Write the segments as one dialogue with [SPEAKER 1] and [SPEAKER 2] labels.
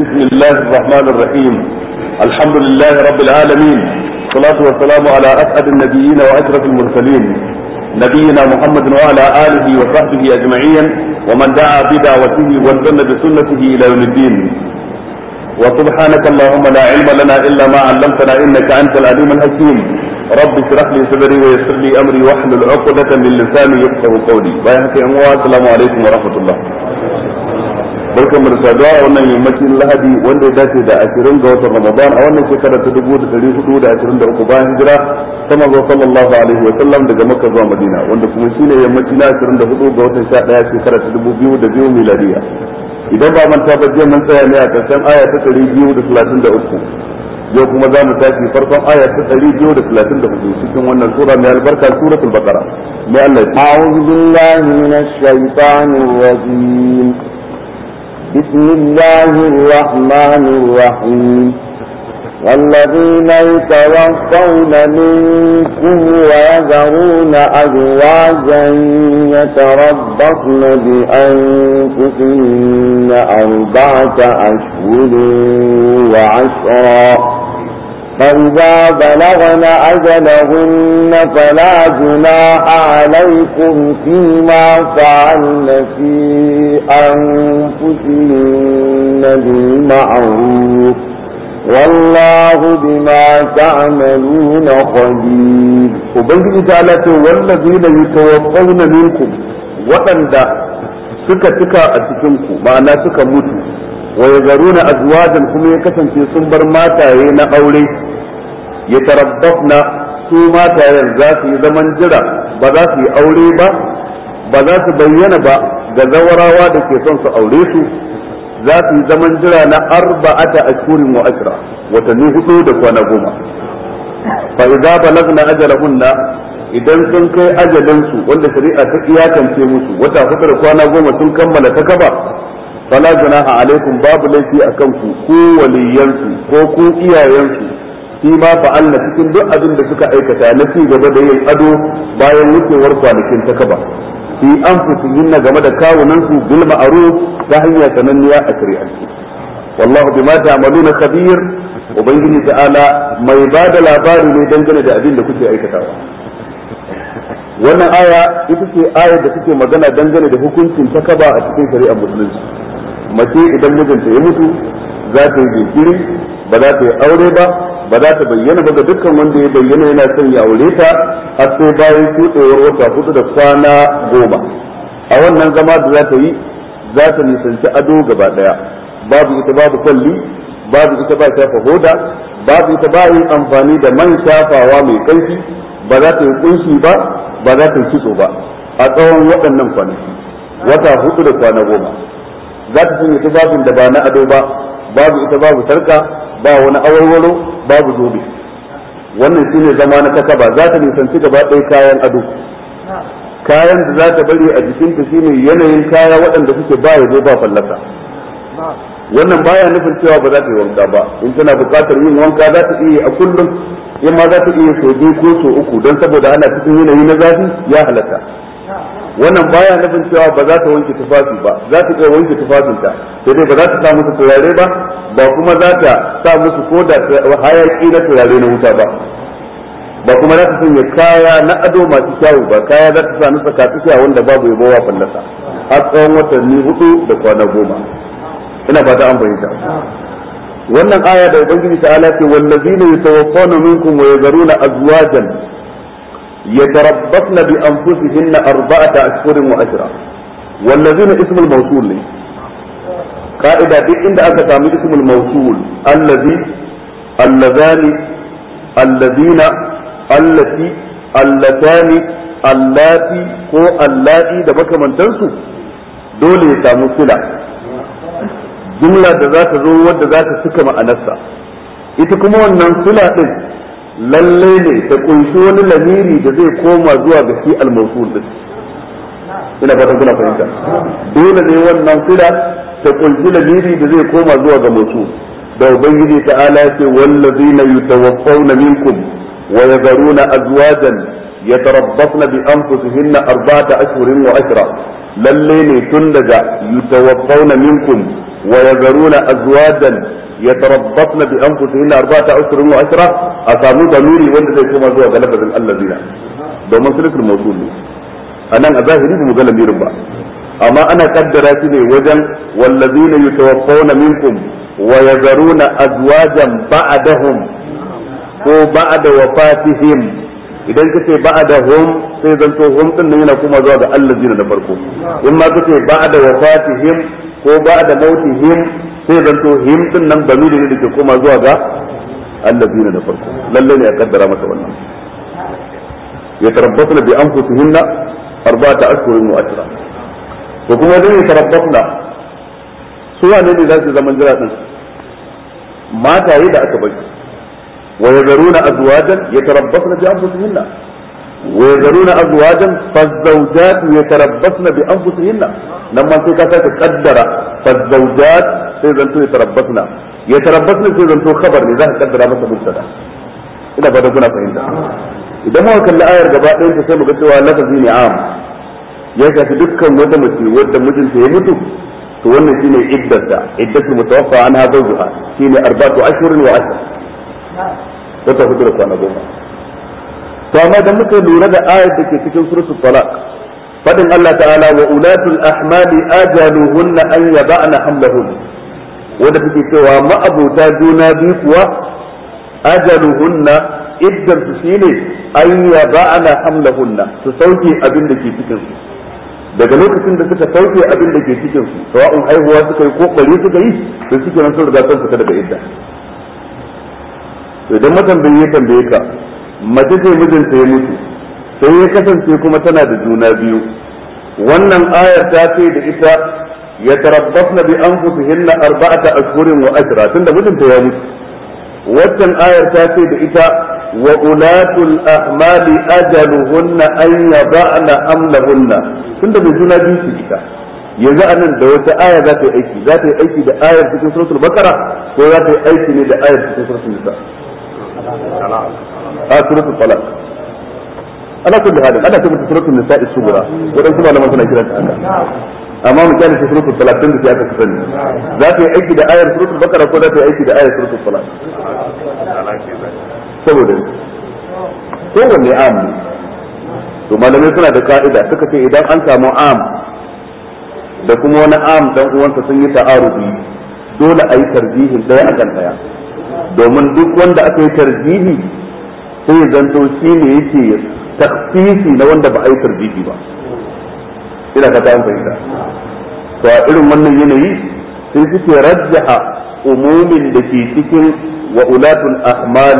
[SPEAKER 1] بسم الله الرحمن الرحيم الحمد لله رب العالمين والصلاة والسلام على أسعد النبيين وأشرف المرسلين نبينا محمد وعلى آله وصحبه أجمعين ومن دعا بدعوته والسنة بسنته إلى يوم الدين وسبحانك اللهم لا علم لنا إلا ما علمتنا إنك أنت العليم الحكيم rabbi shrah li sadri wa yassir li amri wa hlul 'uqdatan min lisani yafqahu qawli bayan haka yan uwa assalamu alaikum wa rahmatullah barkan mu da saduwa a wannan yammacin lahadi wanda ya dace da 20 ga watan ramadan a wannan shekara ta 1423 bayan hijira ta manzo sallallahu alaihi wa sallam daga makka zuwa madina wanda kuma shine yammaci na 24 ga watan 11 shekara ta 2002 miladiya idan ba manta ba jiya mun tsaya ne a karshen aya ta 233 yau kuma za mu tashi farkon aya ta ɗari biyu da talatin da hudu cikin wannan sura mai albarka suratul baqara mai Allah ya a'udhu billahi minash shaitanir rajim
[SPEAKER 2] bismillahir rahmanir rahim والذين يتوفون منكم ويذرون أزواجا يتربصن بأنفسهن أربعة أشهر وعشرا فإذا بلغن أجلهن فلا جناح عليكم فيما فعلن في أنفسهن بالمعروف والله بما تعملون خبير وبنجد تعالى
[SPEAKER 1] والذين يتوفون منكم وأن suka cika a cikinku ma'ana wa yazaruna azwajan kuma ya kasance sun bar mataye na aure ya tarabbasna su matayen za su yi zaman jira ba za su yi aure ba ba za su bayyana ba ga zawarawa da ke son su aure su za su yi zaman jira na arba'ata ashhurin wa ashra watanni hudu da kwana goma fa idza balagna ajalahunna idan sun kai ajalin su wanda shari'a ta iyakance musu wata hudu da kwana goma sun kammala ta kaba fala junaha alaikum babu laifi akan ku ko waliyansu ko ku iyayensu shi ma fa'alna cikin duk abin da suka aikata na ci gaba da yin ado bayan wucewar kwanakin ta kaba fi anfusihim game da gulma bil ma'ruf ta hanya sananniya a shari'ance wallahu bima ta'maluna khabir ubangiji ta'ala mai ba da labari ne dangane da abin da kuke aikatawa wannan aya ita ce ayar da take magana dangane da hukuncin takaba a cikin shari'ar musulunci mace idan mijinta ya mutu za ta yi jinkiri ba za ta yi aure ba ba za ta bayyana ba ga dukkan wanda ya bayyana yana son ya aure ta har sai bayan shuɗewar wata hudu da kwana goma a wannan zama da za ta yi za ta nisanci ado gaba daya babu ita babu kwalli babu ita ba shafa hoda babu ita ba yin amfani da man shafawa mai kaifi ba za ta yi kunshi ba ba za ta yi kitso ba a tsawon waɗannan kwanaki wata hudu da kwana goma za ta sanya tufafin da ba na ado ba babu ita babu sarka ba wani awarwaro babu zobe wannan shine zama na kasa ba. za ta nisanci gaba ɗaya kayan ado kayan da za ta bari a jikinta shine yanayin kaya waɗanda suke ba ya zo ba fallasa wannan baya nufin cewa ba za ta yi wanka ba in tana buƙatar yin wanka za ta iya a kullum in ma za ta iya sau biyu ko sau uku don saboda ana cikin yanayi na zafi ya halatta wannan baya nufin cewa ba za ta wanke tufafi ba za ta iya wanke tufafinta sai dai ba za ta sa musu turare ba ba kuma za ta sa musu ko da hayaki na turare na wuta ba ba kuma za ta sanya kaya na ado masu kyawu ba kaya za ta sa na tsaka wanda babu yabo wa fallasa har tsawon watanni hudu da kwana goma ina fata an fahimta wannan aya da ubangiji ta ala ce wallazina yatawaffawna minkum wa yazaruna azwajan يتربصن بأنفسهن أربعة أشهر وعشرة والذين اسم الموصول لي قائدة دي عند أكثر من اسم الموصول الذي اللذان الذين التي اللتان اللاتي ko allati da makamantansu dole ya samu sila jumla da za ta zo wadda za ta suka ma'anarsa ita kuma wannan sila din lalle ne ta kunshi wani lamiri da zai koma zuwa ga shi al-mawsul din ina fatan kuna fahimta dole ne wannan sila ta kunshi lamiri da zai koma zuwa ga mawsul da ubangiji ta'ala ya ce wallazina yutawaffawna minkum wa yadharuna azwajan yatarabbasna bi anfusihinna arba'ata ashhurin wa ashra lalle ne tun daga yutawaffawna minkum ويذرون أزواجا يتربطن بأنفسهن أربعة أشهر وعشرة أسامو ضميري وين زي كما زوا غلبة الذين domin sulhul mawsul ne anan a zahiri mu ga lamirin ba amma ana kaddara shi ne wajen wallazina yutawaffawna minkum wa yazaruna azwajan ba'dahum ko ba'da wafatihim idan kace ba'da hum sai zanto hum din yana kuma zuwa ga allazina na farko in ma kace ba'da wafatihim ko ba da mauti him sai zanto him din nan bamiri ne da ke koma zuwa ga allazina da farko lalle ne a kaddara masa wannan ya tarabbasna bi anfusihinna arba'ata ashhurin wa ashra to kuma dai na su wane ne za su zama jira din Mata yi da aka bari wa yazaruna azwajan yatarabbasna bi anfusihinna ويذرون ازواجا فالزوجات يتربصن بانفسهن لما انت تقدر فالزوجات سيزن تو يتربصن يتربصن سيزن تو خبر لذا قدر ما تبصد اذا بدا كنا فهمنا اذا ما كان الايه غبا دين تو سيما غتوا لفظ نعام يجا في دكان ودا مسي ودا مجن تو يموت تو ونه شيني عدتها عدتها متوفى عنها زوجها شيني اربعه اشهر وعشر وتفضل كان ابوها to amma dan muka lura da ayar da ke cikin suratul talaq fadin Allah ta'ala wa ulatul ahmali ajaluhunna an yada'na hamlahun wanda take cewa ma'abuta juna biyu kuwa ajaluhunna iddar su shine an yada'na hamlahunna su sauke abin da ke cikin su daga lokacin da suka sauke abin da ke cikin su sawa'un haihuwa suka yi ko suka yi to suke nan sun riga sun fita daga idda to idan bai ya tambaye ka mace ce mijinta ya mutu sai ya kasance kuma tana da juna biyu wannan ayar ta ce da ita ya tarabbasna bi anfusihinna arba'ata ashhurin wa ashra tunda mijinta ya mutu wannan ayar ta ce da ita wa ulatul ahmali ajaluhunna an yada'na amlahunna tunda mai juna biyu su ita yanzu nan da wata aya za ta yi aiki za ta yi aiki da ayar cikin suratul bakara ko za ta yi aiki ne da ayar cikin suratul nisa a ah, suratul talaq ana kullu hadin ana tabbata suratul nisa'i sugura wadansu malaman suna kiranta haka amma mu kyale suratul talaq din da sai aka sani za ta yi aiki da ayar suratul bakara ko za ta yi aiki da ayar suratul talaq saboda kowanne am to malamai suna da ka'ida suka ce idan an samu am da kuma wani am dan uwansa sun yi ta'arubi dole a yi tarjihin daya akan daya domin duk wanda aka yi tarjihi sai zanto shi ne yake takfifi na wanda ba a yi tarjihi ba ina ka ta fahimta to a irin wannan yanayi sai suke rajja'a umumin da ke cikin wa ulatul ahmal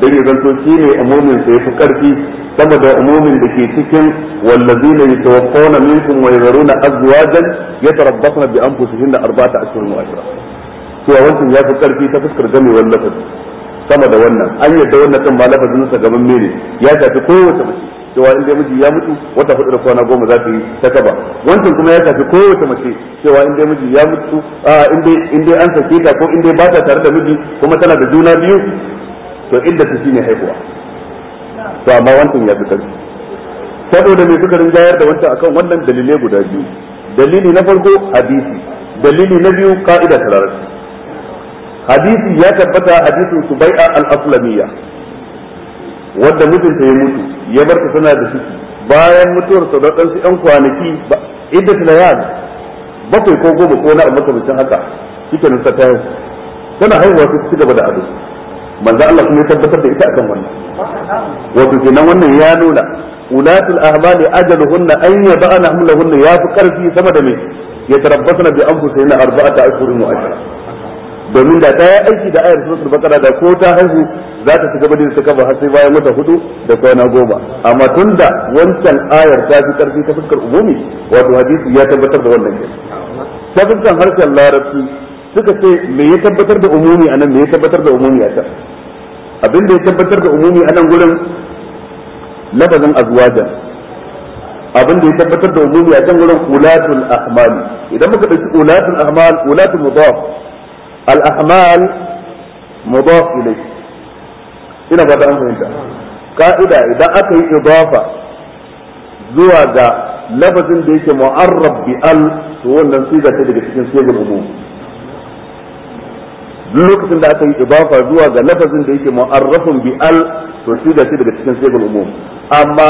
[SPEAKER 1] da ke zanto shi ne umumin sai fi karfi sama da umumin da ke cikin wallazina yatawaffawna minkum wa yazaruna azwajan yatarabbasna bi anfusihinna arba'ata ashhurin wa ashra cewa wancan ya fi karfi ta fuskar gamewar lafazi sama da wannan an yadda wannan kan ma lafazin sa gaban mene ya tafi kowace mace cewa in dai miji ya mutu wata hudu da kwana goma za ta yi ta kaba wancan kuma ya tafi kowace mace cewa in dai miji ya mutu a in dai in dai an sake ta ko in dai ba ta tare da miji kuma tana da juna biyu to inda ta shine haihuwa to amma wancan ya fi karfi saboda me suka rinjayar da wancan akan wannan dalilai guda biyu dalili na farko hadisi dalili na biyu ka'ida ta larabci hadisi ya tabbata hadisin subai'a al-aslamiyya wanda mijinta ya mutu ya bar ta tana da ciki bayan mutuwar sa da su yan kwanaki iddat layal bakwai ko goma ko na abu makamancin haka shike nan ta yau tana haihuwa su ci gaba da ado manzo Allah kuma ya tabbatar da ita akan wannan wato kenan wannan ya nuna ulatul ahmali ajaluhunna an yab'ana hamlahunna ya fi karfi sama da me yatarabbasna bi anfusihinna arba'ata ashhurin wa ashra domin da ta yi aiki da ayar suratul bakara da ko ta haihu za ta gaba da suka kafa har sai bayan wata hudu da kwana goma amma da wancan ayar ta fi karfi ta fuskar umumi wato hadisi ya tabbatar da wannan ke ta fuskar harshen larabci suka ce me ya tabbatar da umumi anan me ya tabbatar da umumi a can abin da ya tabbatar da umumi anan gurin lafazin azwaja abin da ya tabbatar da umumi a can gurin ulatul ahmal idan muka dauki ulatul ahmal ulatul mudaf al'amal mudaf ilai ina fata an fahimta ka'ida idan aka yi idafa zuwa ga lafazin da yake mu'arrab bi al to wannan siga ce daga cikin lokacin da aka yi idafa zuwa ga lafazin da yake mu'arrafin bi al to siga ce daga cikin sigar umum amma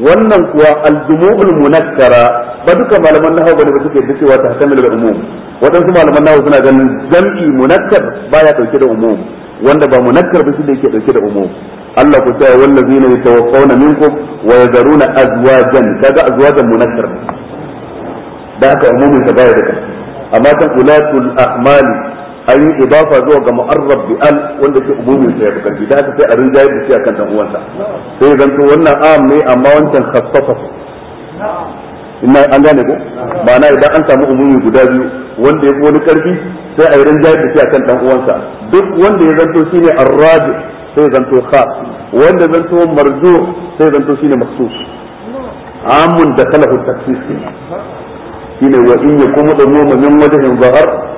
[SPEAKER 1] wannan kuwa al munakkara ba duka malaman nahwu bane ba suke da cewa ta hakamil da umum wadansu malaman nahwu suna ganin jam'i munakkar baya dauke da umum wanda ba munakkar ba shi da yake dauke da umum Allah ku ta wallazina yatawaffawna minkum wa yadharuna azwajan kaga azwajan munakkar da aka umumin ta baya da amma kan ulatul ahmali an yi idafa zuwa ga mu'arrab bi al wanda ke ubumin sa ya fi da haka sai a rinjaye da shi kan dan uwansa sai ya zanto wannan am ne amma wancan khassafa inna an gane ko ma'ana idan an samu ubumin guda biyu wanda ya wani karfi sai a rinjaye da shi kan dan uwansa duk wanda ya zanto shine arrad sai zanto khas wanda zanto marzu sai zanto shine makhsus amun da kalahu taksis shine wa in yakum da mu'minin wajhin zahar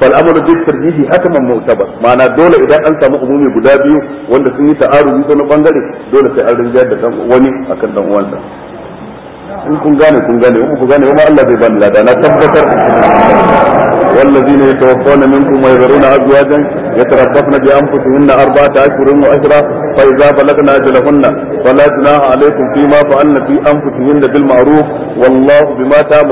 [SPEAKER 1] fal amru bi tarjihi hakaman ba ma'ana dole idan an samu umumi guda biyu wanda sun yi ta'aru ta na bangare dole sai an rinjayar da wani akan dan uwansa in kun gane kun gane in ku gane wani Allah zai bani lada na tabbatar wallazi ne ta wafo minkum mai zaro na abuwa jan ya na biyan fusu hinna arba ta ashirin wa ashira fai za ba lagana jala hunna fa tunaha alaikum fi ma fa'al fi an bil ma'ruf wallahu bi ma ta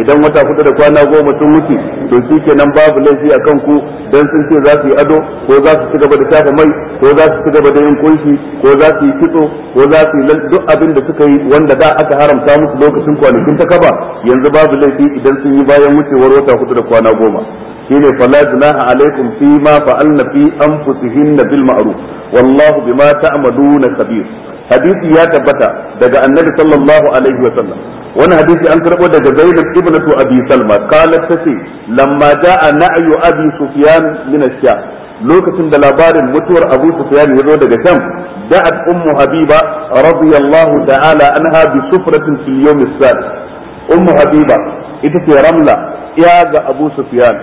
[SPEAKER 1] idan wata kudu da kwana goma sun wuce to shi kenan babu laifi akan ku dan sun ce za su yi ado ko za su ci da shafa mai ko za su ci da yin kunshi ko za su yi kitso ko za su yi duk abin da suka yi wanda da aka haramta musu lokacin kwanakin ta kaba yanzu babu laifi idan sun yi bayan wucewar wata hudu da kwana goma shine fala junaha alaikum fi ma fa'alna fi anfusihinna bil ma'ruf wallahu bima ta'maluna khabir hadisi ya tabbata daga annabi sallallahu alaihi wa sallam wani hadisi an karbo daga zainab ibnatu abi salma qalat tace lamma ja'a na'yu abi sufyan min ash lokacin da labarin mutuwar Abu Sufyan ya zo daga Sham da'at ummu Habiba radiyallahu ta'ala anha bi sufratin fil yawm as-sadis ummu Habiba ita ce Ramla ya ga Abu Sufyan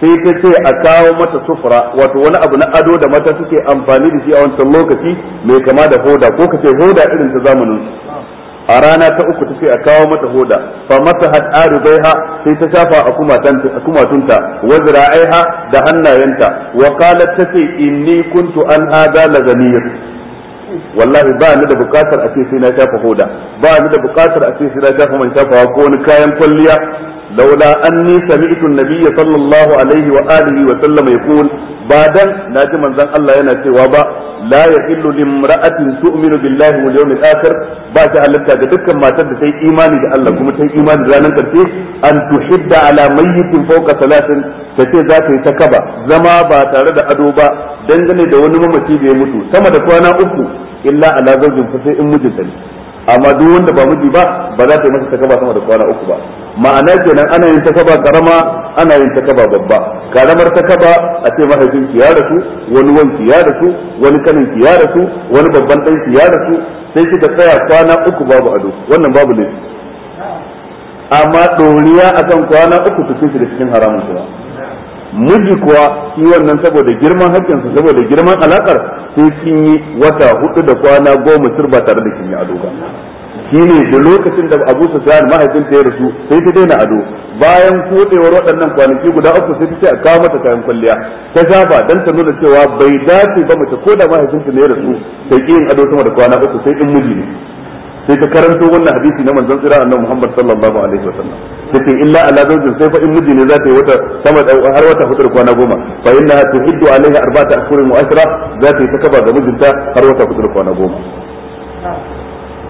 [SPEAKER 1] sai ka ce a kawo mata sufra wato wani abu na ado da mata suke amfani da shi a wancan lokaci mai kama da hoda ko kace hoda irin ta zamanin a rana ta uku ta ce a kawo mata hoda fa masahat arzaiha sai ta shafa a kumatanta a kumatunta wa zira'aiha da hannayenta wa qalat tace inni kuntu an hada lazanir wallahi ba ni da bukatar a ce sai na shafa hoda ba ni da bukatar a ce sai na shafa man shafawa ko wani kayan kwalliya laula anni sami'tu an-nabiy sallallahu alaihi wa alihi wa sallam yaqul badan naji manzon Allah yana cewa ba la yahillu limra'atin tu'minu billahi wal yawmil akhir ba ta halatta ga dukkan matar da ta yi imani da Allah kuma ta yi imani da ranar karshe an tuhidda ala mayyitin fawqa salatin ta ce za ta yi ta kaba zama ba tare da ado ba dangane da wani mamaci da ya mutu sama da kwana uku illa ala zawjin fa sai in mijinta ne amma duk wanda ba miji ba ba za ta yi masa takaba sama da kwana uku ba ma'ana kenan ana yin takaba karama ana yin takaba babba karamar takaba a ce mahaifin ki ya rasu wani wanki ya rasu wani kanin ki ya rasu wani babban dan ki ya rasu sai kika tsaya kwana uku babu ado wannan babu ne amma doriya akan kwana uku su cikin haramun ba miji kuwa shi wannan saboda girman su saboda girman alakar sai sun yi wata hudu da kwana goma sir tare da kin ado ba ne da lokacin da Abu Sufyan mahaifin ta ya rasu sai ta daina ado bayan kodewar waɗannan kwanaki guda uku sai ta ce a kawo mata kayan kwalliya ta shafa dan ta nuna cewa bai dace ba mace ko da mahaifinta ne ya rasu sai yin ado sama da kwana uku sai in miji ne sai ta karanto wannan hadisi na manzon tsira annabi Muhammad sallallahu alaihi wasallam sai ta illa ala zawjin sai fa in miji ne za ta yi wata sama har wata hudu kwana goma fa innaha tuhiddu alaiha arba'ata ashhurin wa ashra za ta yi ta kaba ga mijinta har wata hudu kwana goma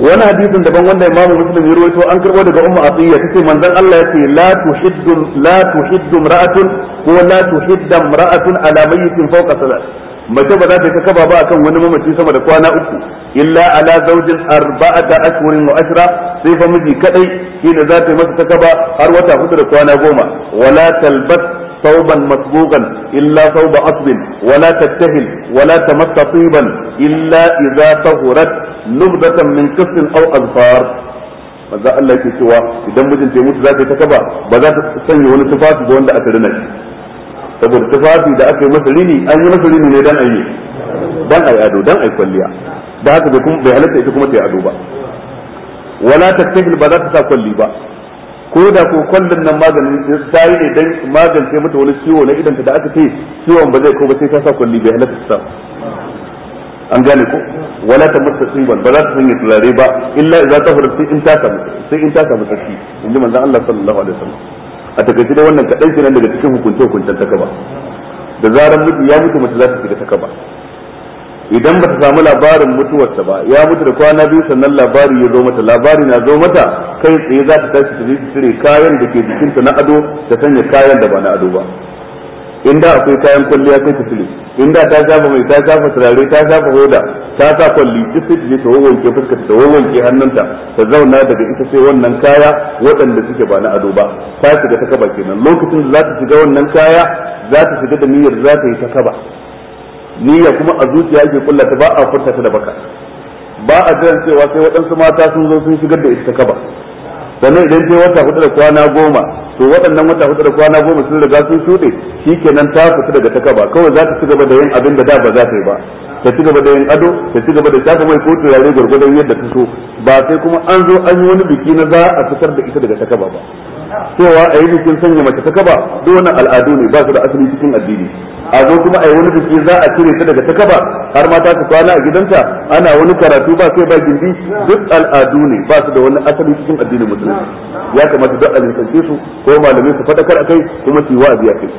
[SPEAKER 1] wani hadisin daban wanda imamu muslim ya rawaito an karbo daga ummu atiya tace manzon Allah yace la tuhiddu la tuhiddu imra'atun ko la tuhiddam imra'atun ala mayyitin fawqa salat mace ba za ta yi ta kaba ba akan wani mamaci sama da kwana uku illa ala zaujin arba'ata ashhurin wa ashra sai fa miji kadai shine za ta yi masa ta kaba har wata hudu da kwana goma wala talbat sauban masbuqan illa sauba asbin wala tattahil wala tamassa tiban illa idza tahurat nubdatan min qisl aw azfar manzo Allah yake cewa idan mijin ta mutu za ta yi ta kaba ba za ta sanya wani tufafi ba wanda aka rina shi saboda tufafi da aka yi masa rini an yi masa rini ne dan ayi dan ayi ado dan ayi kwalliya da haka bai kuma bai halatta ita kuma ta yi ado ba wala taktafil ba za ta sa kwalli ba ko da ko kwallon nan maganin ta yi ne dan magance mata wani ciwo na idanta da aka ce ciwon ba zai ko ba sai ta sa kwalli bai halatta ta an gane ko wala ta masa tsibal ba za ta sanya turare ba illa ta tafarat sai in ta samu sai in ta samu tsaki inji manzon Allah sallallahu alaihi wasallam a takaice da wannan kaɗan kenan daga cikin hukunce hukuncen ta kaba da zaran mutu ya mutu mace za ta shiga ta kaba idan ba ta samu labarin mutuwarsa ba ya mutu da kwana biyu sannan labari ya zo mata labari na zo mata kai tsaye za ta tashi ta je ta cire kayan da ke jikinta na ado ta sanya kayan da ba na ado ba inda akwai kayan kwalliya kai ta fili in ta shafa mai ta shafa turare ta shafa hoda ta sa kwalli duk sai ta ta wawwanke fuskarta ta wawwanke hannunta ta zauna daga ita sai wannan kaya waɗanda suke ba na ado ba ta shiga ta kaba kenan lokacin da za ta shiga wannan kaya za ta shiga da niyyar za ta yi ta kaba niyya kuma a zuciya ake kulla ta ba a furta ta da baka ba a jiran cewa sai waɗansu mata sun zo sun shigar da ita ta kaba sannan idan ce wata hudu da kwana goma to waɗannan wata hudu da kwana goma sun riga sun shuɗe kenan ta fita daga takaba kawai za ta ci gaba da yin abin da da ba za ta yi ba ta ci gaba da yin ado ta ci gaba da shafa mai ko turare gwargwadon yadda ta so ba sai kuma an zo an yi wani biki na za a fitar da ita daga takaba ba cewa a yi bikin sanya mace takaba duk wannan al'adu ne ba su da asali cikin addini a zo kuma a yi wani biki za a cire ta daga takaba har ma ta kwana a gidanta ana wani karatu ba kai ba gindi duk al'adu ne ba su da wani asali cikin addinin musulunci ya kamata duk a su ko malamai su fadakar akai kuma su yi wa'azi akai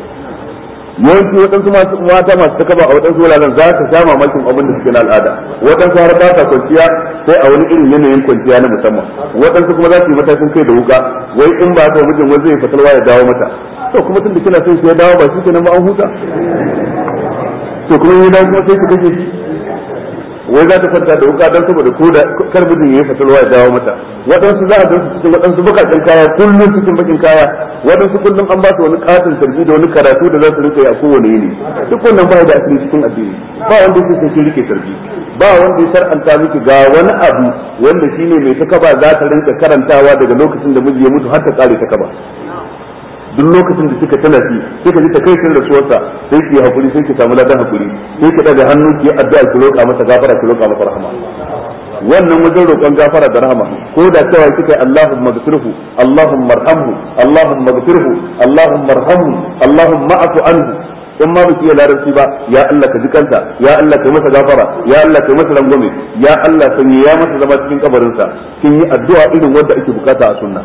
[SPEAKER 1] yawanci waɗansu masu mata masu ta kaba a waɗansu wuraren za ka sha mamakin abin da suke na al'ada waɗansu har ba ta kwanciya sai a wani irin yanayin kwanciya na musamman waɗansu kuma za su yi matakin kai da wuka wai in ba ta mijin wani zai fatalwa ya dawo mata to kuma tun da kina son shi ya dawo ba shi kenan ba an huta to kuma ya dawo kuma sai ki kashe shi wai za ta kwanta da wuka don saboda ko da kar ya yayi fatalwa ya dawo mata waɗansu za a ga su cikin waɗansu bukatun kaya kullum cikin bakin kaya waɗansu kullum an ba su wani katin sarki da wani karatu da za su rika a kowane yini duk wannan ba da asiri cikin addini ba wanda yake sai rike sarki ba wanda ya sar'anta miki ga wani abu wanda shine mai takaba za ta rinka karantawa daga lokacin da miji ya mutu har ta kare takaba duk lokacin da kika tana fi sai ka ji ta kai tun rasuwarsa sai ki hakuri sai ki samu ladan hakuri sai ki daga hannu ki addu'a ki roƙa masa gafara ki roƙa masa rahama wannan wajen roƙon gafara da rahama ko da cewa kika Allahumma ghfirhu Allahumma arhamhu Allahumma ghfirhu Allahumma arhamhu Allahumma afu anhu in ma baki larabci ba ya Allah ka ji kanta ya Allah masa gafara ya Allah ka masa rangwame ya Allah sanye ya masa zama cikin kabarinsa kin yi addu'a irin wanda ake bukata a sunna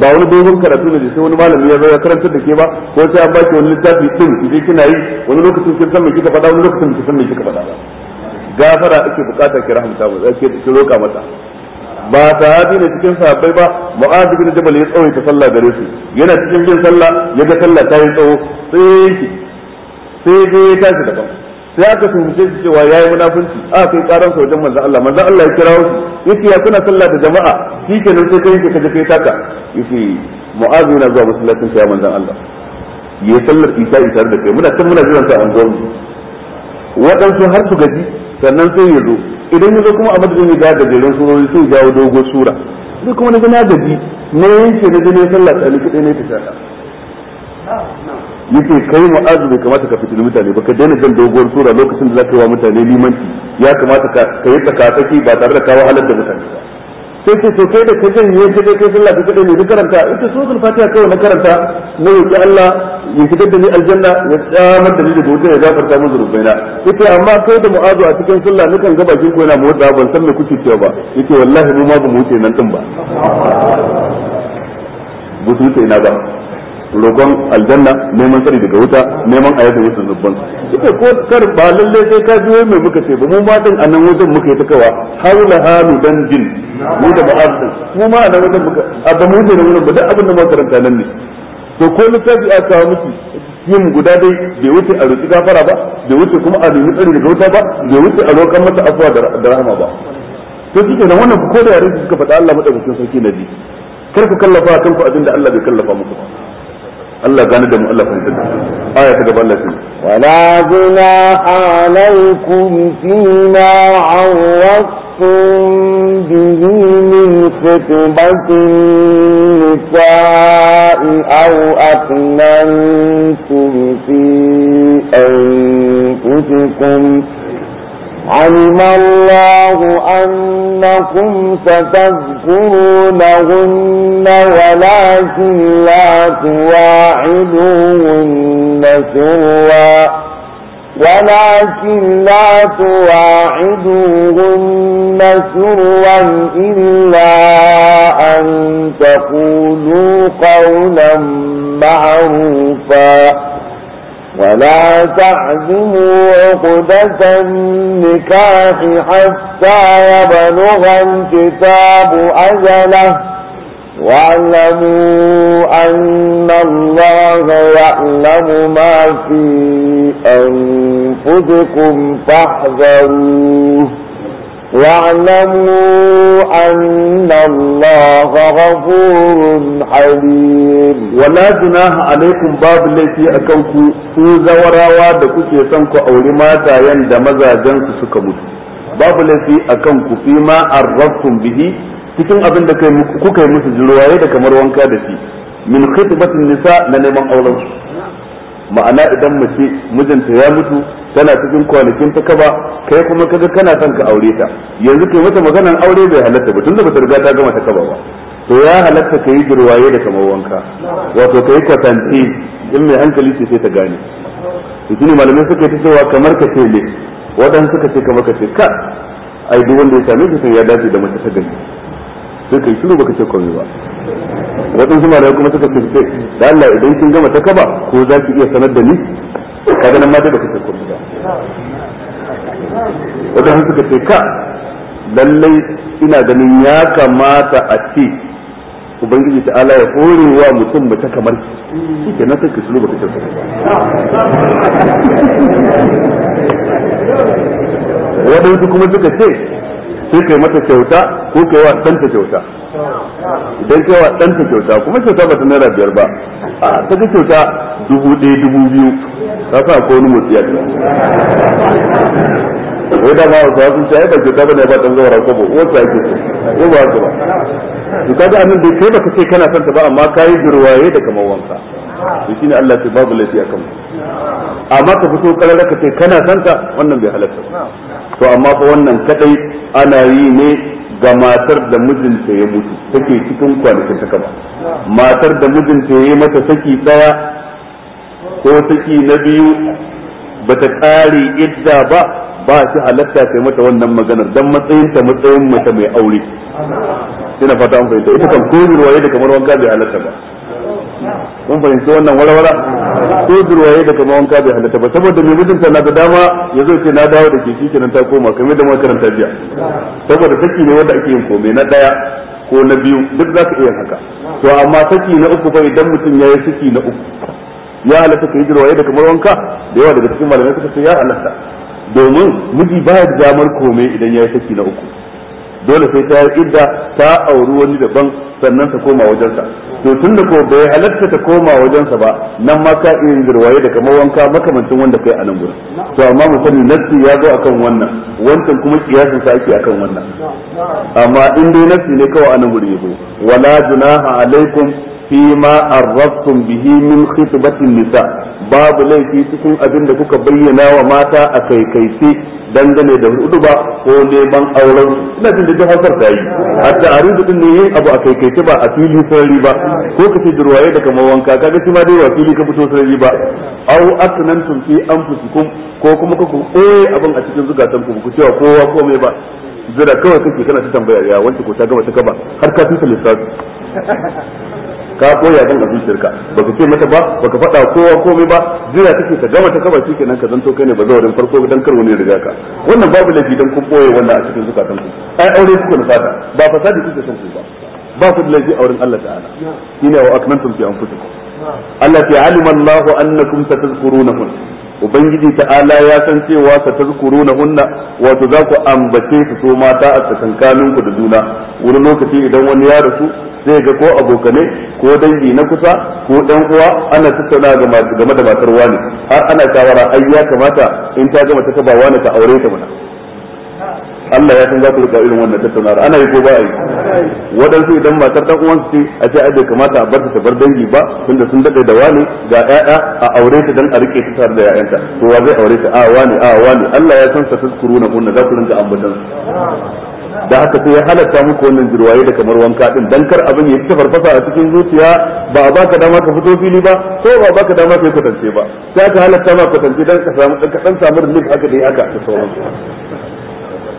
[SPEAKER 1] ba wani dogon karatu ne sai wani malami ya zo ya karantar da ke ba ko sai an baki wani littafi din ki kina yi wani lokacin kin san me kika faɗa wani lokacin kin san me kika faɗa gafara ake bukata ki rahamta mu ake ki roka mata ba hadi ne cikin sahabbai ba mu'adh bin jabal ya tsawaita sallah gare su yana cikin bin sallah ya ga sallah ta yi tsawo sai sai ya tashi daban sai aka tunce shi cewa yi munafunci a kai karan sa wajen manzon Allah manzan Allah ya kira shi yace ya kuna sallah da jama'a ke nan sai kai ka je taka yake mu'azu na zuwa masallacin sa ya manzon Allah ya sallar isa isa da kai muna can muna jiran sa an zo waɗansu har su gaji sannan sai ya zo idan ya zo kuma a madadin ya ga gajeren surori sai ya jawo dogon sura sai kuma na gana gaji na yanke na gani sallah ta ni kadai ne ta shaka ah, yake kai mu'azu bai kamata ka fitilu mutane ba ka daina jan doguwar sura lokacin da za ka yi wa mutane limanci ya kamata ka yi tsakasaki ba tare da kawo halar da mutane ba sai ce to kai da ka janye ka kai kai sallah ka kaɗai ne karanta ita suratul fatiha kawai na karanta na roki Allah ya fitar da ni aljanna ya tsamar da ni da wuta ya gafarta min zunubaina yace amma kai da mu'azu a cikin sallah nukan ga bakin ko yana motsa ban san me kuke cewa ba yace wallahi mu ma ba mu wuce nan din ba ina ba rogon aljanna neman tsari daga wuta neman a yadda wutar zubban ita ko kar ba lalle sai ka biyo mai muka ce ba mu matan a nan wajen muka yi takawa haula halu dan jin mu da ba'ad mu ma nan wajen muka ba mu ne wurin ba duk abin da ma karanta nan ne to ko littafi a kawo miki yin guda dai bai wuce a rufi gafara ba bai wuce kuma a nemi tsari daga wuta ba bai wuce a rokan mata afuwa da rahama ba to shi kenan wannan ko da yare suka faɗa Allah madaukakin sarki na ji kar ku kallafa kanku abin da Allah bai kallafa muku ba Allah gane da mu Allah fahimta da aya ta gaba Allah sai
[SPEAKER 2] wala guna alaikum fima awwastum bihi min khutbatin aw fi علم الله أنكم ستذكرونهن ولكن لا تواعدوهن سرا ولكن لا تواعدوهن سرا إلا أن تقولوا قولا معروفا ولا تعزموا عقدة النكاح حتى يبلغ الكتاب أجله واعلموا أن الله يعلم ما في أنفسكم فاحذروه واعلموا أن الله غفور حليم
[SPEAKER 1] ولا جناح عليكم باب التي أكوكو سوزا وراوا دكوكي سنكو أولي ما تاين دمزا جنكو سكبوت باب التي أكوكو فيما أردتم به cikin abin da kuka yi musu jirwaye da kamar wanka da shi min khitbatin nisa na neman auren ma'ana idan mace mijinta ya mutu tana cikin kwanakin ta kaba kai kuma kaga kana son ka aure ta yanzu kai mata maganan aure bai halatta ba tunda bata riga ta gama ta kaba ba to ya halatta kai girwaye da kamar wanka wato kai kwatanti in mai hankali ce sai ta gane shi malamai suka ta cewa kamar ka ce ne waɗansu suka ce kamar ka ce ka ai duk wanda ya same shi ya dace da mace ta gani sai kai shiru baka ce komai ba waɗansu ya kuma suka ce sai da Allah idan kin gama ta kaba ko za ki iya sanar da ni kaga nan ma dai baka ce komai ba waɗansu suka ce ka lallai ina ganin ya kamata a ce ubangiji ta ala ya hore wa mutum ta kamar shi ke nan kanka shiru baka ce komai waɗansu kuma suka ce sai kai mata kyauta ko kai wa ɗanta kyauta idan kai wa ɗanta kyauta kuma kyauta ba ta naira biyar ba a ta ga kyauta dubu ɗaya dubu biyu ta sa ko wani motsi a wai da ba wasu sun ce ba kyauta ba ne ba ɗan zawara ko ba wata ake ce ko ba haka ba to kaga annan dai kai ba ka ce kana santa ba amma kayi jirwaye da kamar wanka to shine Allah ce babu laifi akan mu amma ka fito karara ka ce kana santa wannan bai halatta ba to amma fa wannan kadai ana yi ne ga matar da mijinta ya mutu take cikin kwanakin ta kaba matar da mijinta ya yi mata saki daya ko saki na biyu ba ta kare idda ba ba shi halatta sai mata wannan maganar dan matsayin ta matsayin mata mai aure ina fata an fahimta ita kan ko ruwaye da kamar wanka bai halatta ba kun fahimci wannan warwara ko durwaye da kamar wanka bai halatta ba saboda mai mutum na da dama ya zo ce na dawo da ke shi kenan ta koma kamar da muka karanta jiya saboda saki ne wanda ake yin komai na daya ko na biyu duk za ka iya haka to amma saki na uku fa idan mutum ya yi saki na uku ya halatta ka yi durwaye da kamar wanka da yawa daga cikin malamai suka ce ya halatta domin miji ba da damar komai idan ya yi saki na uku dole sai ta yi idda ta auri wani daban sannan ta koma wajensa to da ko bai halatta ta koma wajen sa ba nan ma ka iya girwaye da kamar wanka makamancin wanda kai a nan gurin to amma mu sani nassi ya zo akan wannan wancan kuma kiyasin sa ake akan wannan amma in dai nassi ne kawai a nan gurin yabo wala junaha alaikum fi ma a rasu bihi min hit ba tuni sa babu laifi tukun a dinda kuka bayyana wa mata a kai kaite dangane dafai udu ba ko ne ban aure. ina tunda jihar sarar da yi. hata a rubuta ne yin abu a kai kaite ba a tuli sarari ba ko kai ta duruwaye daga maman ka ka shi ma da yi a ka fito sarari ba au ati nan fi amfuti ko kuma ka kun a ban a cikin zuga a san kuɓu ko kai ba nzira kawai kake kana ta tambaya ya wancan ko ta gabata kaba har ka tusa ni ka koya abin a zuciyarka baka ce mata ba baka faɗa kowa komai ba jira kake ka gama ta kaba shikenan ka zanto kai ne bazawarin farko dan kar wani riga ka wannan babu laifi dan kun boye wannan a cikin zukatan ku ai aure kuka nufata ba fasadi kuke son ku ba ba ku laifi a wurin Allah ta'ala ina wa akmantum fi anfusikum Allah ta alima Allahu annakum satazkurunahun ubangiji ta'ala ya san cewa satazkurunahunna wato za ku ambace su so mata a tsakankanin da juna wani lokaci idan wani ya rasu sai ga ko abokane ko dangi na kusa ko dan uwa ana tattauna game da matar wani har ana shawara ai ya kamata in ta gama ta taba wani ta aure ta mana Allah ya san za ku rika irin wannan tattaunawar ana yi ko ba yi waɗansu idan matar dan uwan su a ce ai kamata a bar ta bar dangi ba tunda sun dade da wani ga ƴaƴa a aure ta dan a rike ta tare da ƴaƴanta to wa zai aure ta a wani a wani Allah ya san sa tazkuruna kunna za ku rinka ambatan da haka sai ya halatta muku wannan jirwaye da kamar wanka din dan kar abin ya tafarfasa a cikin zuciya ba a baka dama ka fito fili ba ko ba a baka dama ka kwatance ba sai aka halatta ma kwatance dan ka samu ka dan samu relief haka dai haka da sauran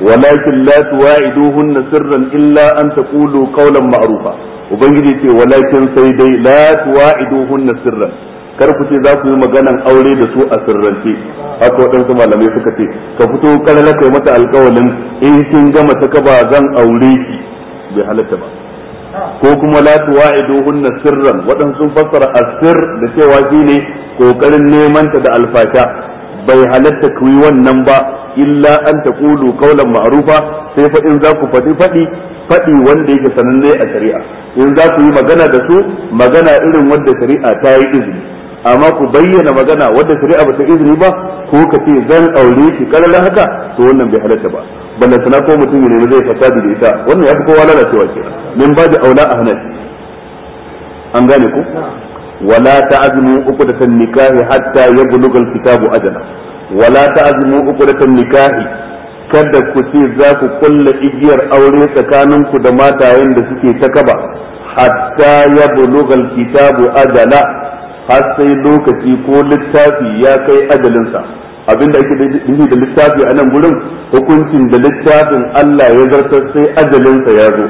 [SPEAKER 1] walakin la tuwa'iduhunna sirran illa an taqulu qawlan ma'rufa ubangiji ce walakin sai dai la hunna sirran kar ku ce za ku yi maganan aure da su a sirrance haka waɗansu malamai suka ce ka fito karala kai mata alƙawalin in kin gama ta ba zan aure shi bai halatta ba ko kuma la tuwa'iduhunna sirran waɗansu fassara asir da cewa shine kokarin neman ta da alfasha bai halatta ku yi wannan ba illa an ta kulu kaulan ma'rufa sai fa in za ku faɗi faɗi faɗi wanda yake sananne a shari'a in za ku yi magana da su magana irin wanda shari'a ta yi izini amma ku bayyana magana wadda shari'a ba ta izini ba ko ka ce zan aure shi kalalan haka to wannan bai halatta ba balla sana ko mutum ne zai fasadi da ita wannan ya fi kowa lalacewa ke min ba da aula a hana an gane ku wala uku da an-nikahi hatta ya bulugal kitabu ajala wala uku da an-nikahi kada ku ce za ku kulla igiyar aure tsakaninku da matayen da suke ta kaba hatta ya bulugal kitabu ajala har sai lokaci ko littafi ya kai ajalinsa abinda ake nufi da littafi a nan gurin hukuncin da littafin Allah ya zartar sai ajalinsa ya zo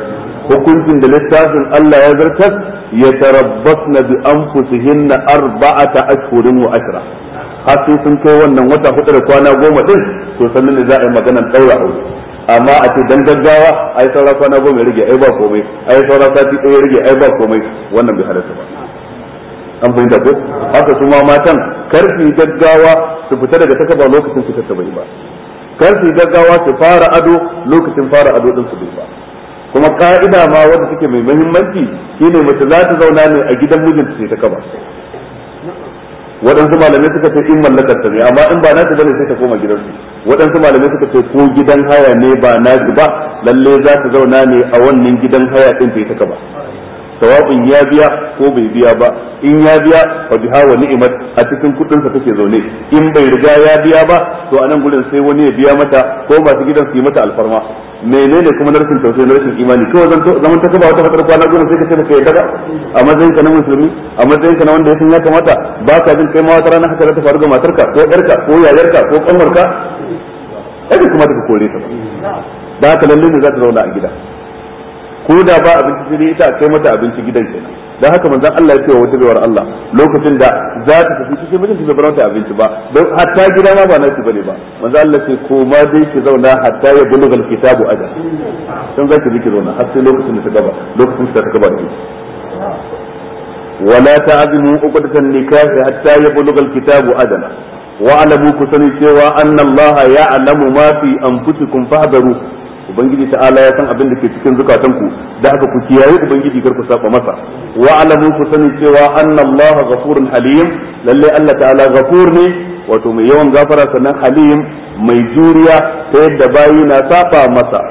[SPEAKER 1] hukuncin da littafin Allah ya zartar ya tarabbasna bi anfusihinna arba'ata ashhurin wa ashra har sun kai wannan wata hudu da kwana goma din to sannan ne za a yi maganar daura aure amma a ce dan gaggawa ai saura kwana goma ya rage ai ba komai ai saura sati ɗaya ya rage ai ba komai wannan bai halatta ba an da ko haka su ma matan karfi gaggawa su fita daga takaba lokacin su ta bai ba karfi gaggawa su fara ado lokacin fara ado din su bai ba kuma ka'ida ma wanda take mai muhimmanci shine mace za ta zauna ne a gidan mijinta sai ta kaba waɗansu malamai suka ce in mallakar ta ne amma in ba nasu bane sai ta koma gidansu waɗansu malamai suka ce ko gidan haya ne ba nasu ba lalle za ta zauna ne a wannan gidan haya din sai ta kaba sawabin ya biya ko bai biya ba in ya biya fa biha wa ni'mat a cikin kudin sa take zaune in bai riga ya biya ba to a nan gurin sai wani ya biya mata ko masu gidan su yi mata alfarma menene kuma na rashin tausayi na rashin imani kawai zan zaman ta ba wata fatar kwana gurin sai ka ce baka yarda ba a matsayin ka na musulmi a matsayin ka na wanda ya san ya kamata ba ka jin kai ma wata rana haka ta faru ga matarka ko ɗarka ko yayarka ko kanwarka ai kuma ta kore ta ba da haka lalle ne za ta zauna a gida ko da ba abinci sai dai ita a kai mata abinci gidan kenan dan haka manzon Allah ya ce wa wata bayar Allah lokacin da za ta tafi cikin mijinta bai barata abinci ba don hatta gida ma ba na ki bane ba manzon Allah ce ko ma dai ki zauna hatta ya bulugal kitabu ajal dan za ki ki zauna har sai lokacin da ta gaba lokacin da ta gaba ولا تعزموا عقدة النكاح حتى يبلغ الكتاب أجله واعلموا كسني cewa أن الله يعلم ما في أنفسكم فاحذروا ubangiji ta'ala ya san abin da ke cikin zukatanku da haka ku kiyaye ubangiji kar ku saba masa wa alamu ku sani cewa annallaha ghafurun halim lalle Allah ta'ala ghafur ne wato mai yawan gafara sannan halim mai juriya ta yadda bayi na saba masa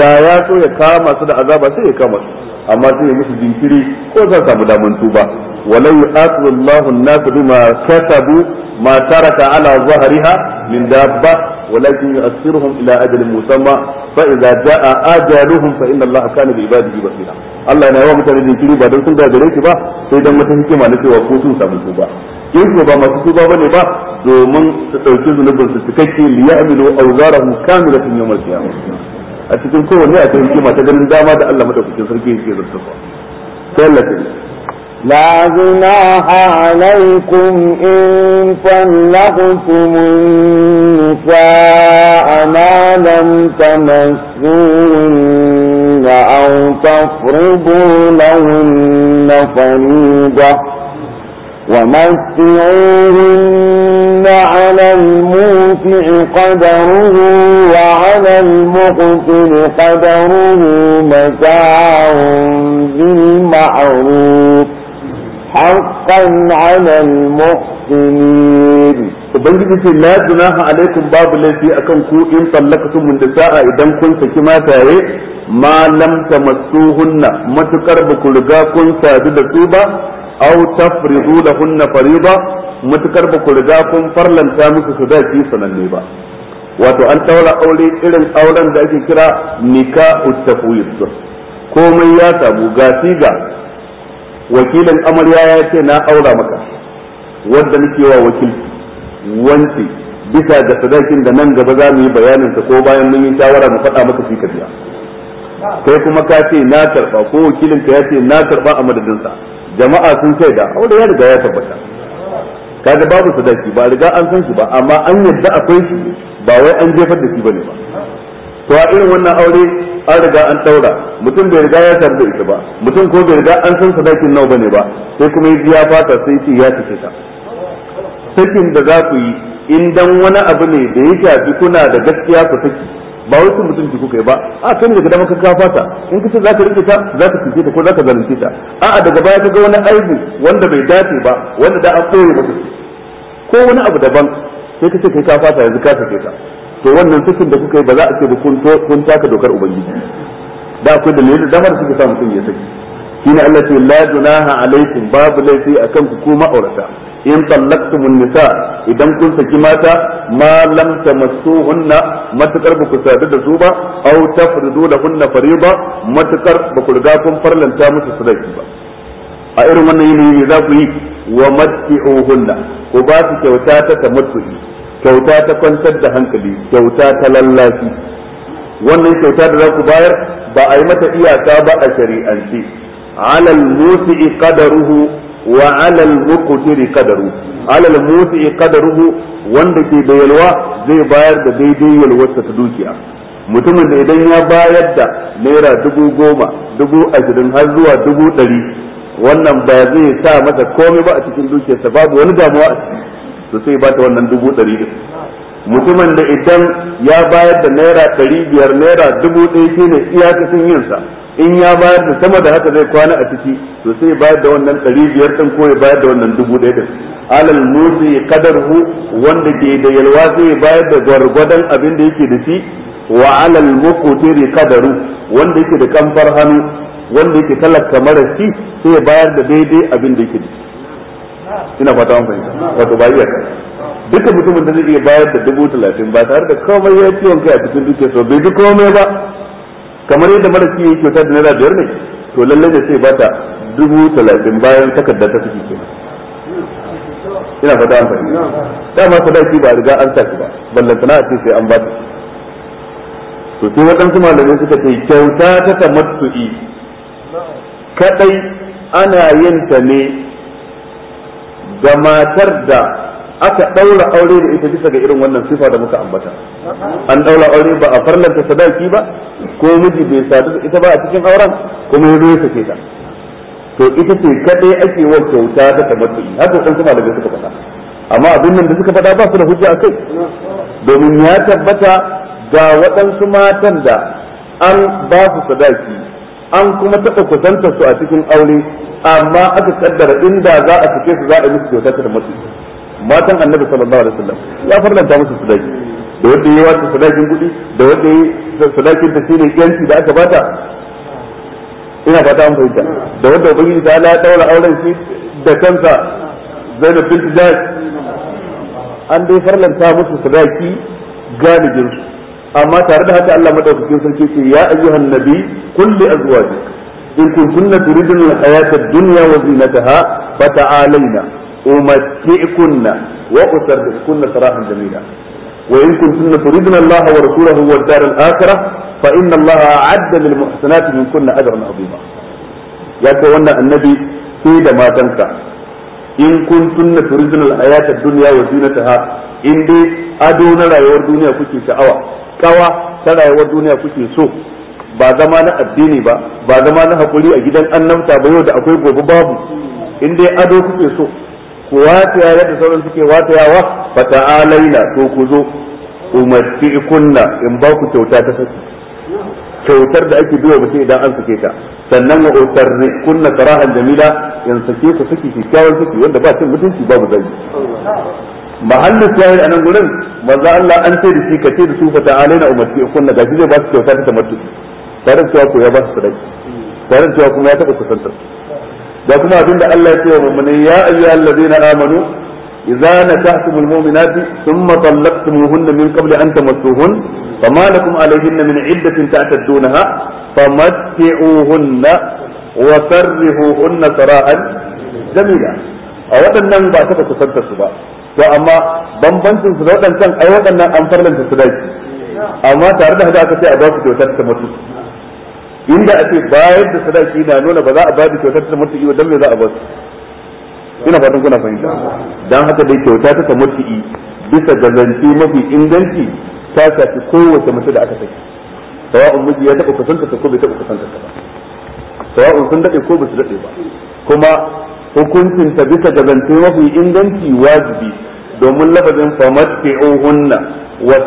[SPEAKER 1] da ya so ya kama su da azaba sai ya kama su amma sai ya musu jinkiri ko za samu daman tuba walau yu'aqibu Allahu an-nasa bima kasabu ma taraka ala zahriha min dabba walakin yi yu'akhiruhum ila ajalin musamma fa idza jaa ajaluhum fa inna allaha kana bi ibadihi basira Allah na yawa mutane jinkiri ba dan sun gagare shi ba sai dan wata hikima na cewa ko sun samu tuba in ko ba masu tuba bane ba domin su dauki zunubin su cikakke li ya'milu awzarahum kamilatan yawm al-qiyamah a cikin kowanne akwai hikima ta ganin dama da Allah madaukakin sarki yake zartafa sai Allah
[SPEAKER 2] لا جناح عليكم إن طلقتم النساء ما لم تمسون أو تفرضوا لهن فريضة ومسعوهن على الموسع قدره وعلى المقتل قدره متاع بالمعروف حقا
[SPEAKER 1] على المحسنين ubangiji ce la junaha alaikum babu laifi akan ku in sallakatum min da'a idan kun saki mataye ma lam tamassuhunna matukar ba ku riga kun sadu da su ba aw tafridu lahunna fariida matukar ba ku riga kun farlanta musu su dace sananne ba wato an taura aure irin auren da ake kira nikah at-tafwid komai ya samu ga siga wakilin amarya ya ce na aura maka wanda nake wa wakilci wanci bisa ga sadakin da nan gaba za mu yi bayanin sa ko bayan mun yi shawara mu faɗa maka shi ka biya kai kuma ka ce na karba ko wakilin ka ya ce na karba a madadin sa jama'a sun da aure ya riga ya tabbata kaga babu sadaki ba riga an san shi ba amma an yadda akwai shi ba wai an jefar da shi bane ba to a irin wannan aure an riga an daura mutum bai riga ya sadu da ita ba mutum ko bai riga an san sadakin nawa bane ba sai kuma yi ya fata sai ce ya tafi ta sakin da za ku yi idan dan wani abu ne da ya shafi kuna da gaskiya ku saki ba wasu mutum ki kuka yi ba a kai ne daga dama ka kafa ta in kace za ka rike za ka cuce ta ko za ka zalunce ta a'a daga baya ka ga wani aibu wanda bai dace ba wanda da an koyi ba ko wani abu daban sai ka ce kai ka fata yanzu ka sake ta to wannan cikin da kuka yi ba za a ce ba kun taka dokar ubangiji da akwai dalilin da da suka sa mutum ya saki shine Allah ce la junaha alaikum babu laifi akan ku kuma aurata in tallaqtumun nisa idan kun saki mata ma lam tamassuhunna matakar ba ku sadu da su ba aw tafridu lahunna fariba matakar ba ku riga kun farlanta musu sadaki ba a irin wannan yanayi ne za ku yi wa matti'uhunna ku ba su kyauta ta tamattu'i kyauta ta kwantar da hankali kyauta ta lallafi wannan kyauta da za ku bayar ba a yi mata iyaka ba a shari'ance alal musi'i qadaruhu wa alal muqtiri qadaru alal musi'i qadaruhu wanda ke da yalwa zai bayar da daidai yalwarsa ta dukiya mutumin da idan ya bayar da naira dubu goma dubu ashirin har zuwa dubu ɗari wannan ba zai sa masa komai ba a cikin dukiyarsa babu wani damuwa a ciki to sai ba ta wannan dubu ɗari din mutumin da idan ya bayar da naira ɗari biyar naira dubu ɗaya shi ne iyakacin yinsa in ya bayar da sama da haka zai kwana a ciki to sai bayar da wannan ɗari biyar ɗin ko ya bayar da wannan dubu ɗaya din alal musi hu wanda ke da yalwa zai bayar da gwargwadon abin da yake da shi wa alal muqtiri kadaru wanda yake da kamfar hannu wanda yake talaka mara shi sai bayar da daidai abin da yake da shi ina fata an fahimta wato ba iya duka mutumin da zai iya bayar da dubu talatin ba tare da komai ya ciwon kai a cikin dukiyarsa bai ji komai ba kamar yadda marasi yake kyauta da naira biyar ne to lallai da sai bata dubu talatin bayan takardar ta suke kenan ina fata an fahimta dama sadaki ba riga an sa ba ballantana a ce sai an bata to sai waɗansu malamai suka ce kyauta ta tamattu'i kadai ana yin ta ne ga matar da aka daura aure da ita bisa ga irin wannan sifa da muka ambata an daura aure ba a farlanta sadaki ba ko miji bai sadu da ita ba a cikin auren kuma ya zo ya sake ta to ita ce kadai ake wa kyauta ta tamattu haka kun kuma da suka faɗa amma abin nan da suka faɗa ba su da hujja akai domin ya tabbata ga waɗansu matan da an ba su sadaki an kuma taɓa kusanta su a cikin aure amma aka kaddara inda za a cike su za a yi musu kyauta ta mutu matan annabi sallallahu alaihi wasallam ya farlanta musu sadaki da wanda yi wata sadakin kuɗi da wanda yi sadakin ta shine yanci da aka bata ina fata an fahimta da wanda ubangiji ta ala daura auren shi da kansa zainab bint jahsh an dai farlanta musu sadaki galibin su amma tare da haka Allah madaukakin sarki ce ya ayyuhan nabi kulli azwajik in kuntunna turidun al-hayata ad-dunya wa zinataha fata'alaina umatti'kunna wa usarrifkunna sarahan jamila wa in kuntunna turidun Allah wa rasulahu wa ad-dar al-akhirah fa inna Allah a'adda lil muhsanati minkunna ajran 'azima ya kai wannan annabi sai da matanka in kun tunna turidunal hayatad dunya wa zinataha in dai ado na rayuwar duniya kuke sha'awa kawa ta rayuwar duniya kuke so ba zama na addini ba ba zama na hakuri a gidan annabta ba yau da akwai gobe babu in dai ado kuke so ku wataya yadda sauran suke watayawa fata alaina to ku zo umarci kunna in ba ku kyauta ta saki kyautar da ake biyo mutum idan an sake ta sannan wa utarri kunna sarahan jamila yan sake ku saki kyakkyawan saki wanda ba cin mutunci babu zai mahallin shahid a nan gurin manzo Allah an ce da shi ka ce da su fata alaina ummati kunna gaji ne ba su kyauta ta tamattu tare da ko ya ba su sadaki tare da kuma ya taba kusantar da kuma abinda Allah ya ce wa mu'minin ya ayyuhallazina amanu إذا نكحتم المؤمنات ثم طلقتموهن من قبل أن تمسوهن فما لكم عليهن من عدة تعتدونها فمتعوهن وسرهوهن سراء جميلا a waɗannan ba taɓa kusantar su ba to amma bambancin su da waɗancan ai waɗannan an farlanta su amma tare da haka sai a ba su kyautar ta mutu inda ake bayar da sadaki na nuna ba za a ba da kyautar ta mutu ba dan me za a ba su ina fatan kuna fahimta dan haka dai kyauta ta tamattu'i bisa ga zanci mafi inganci ta shafi kowace mace da aka saki sawa'un miji ya taɓa kusanta ta ko bai taɓa kusanta ta ba sawa'un sun daɗe ko ba su daɗe ba kuma hukuncinta bisa ga zanci mafi inganci wajibi domin lafazin famatti'uhunna wa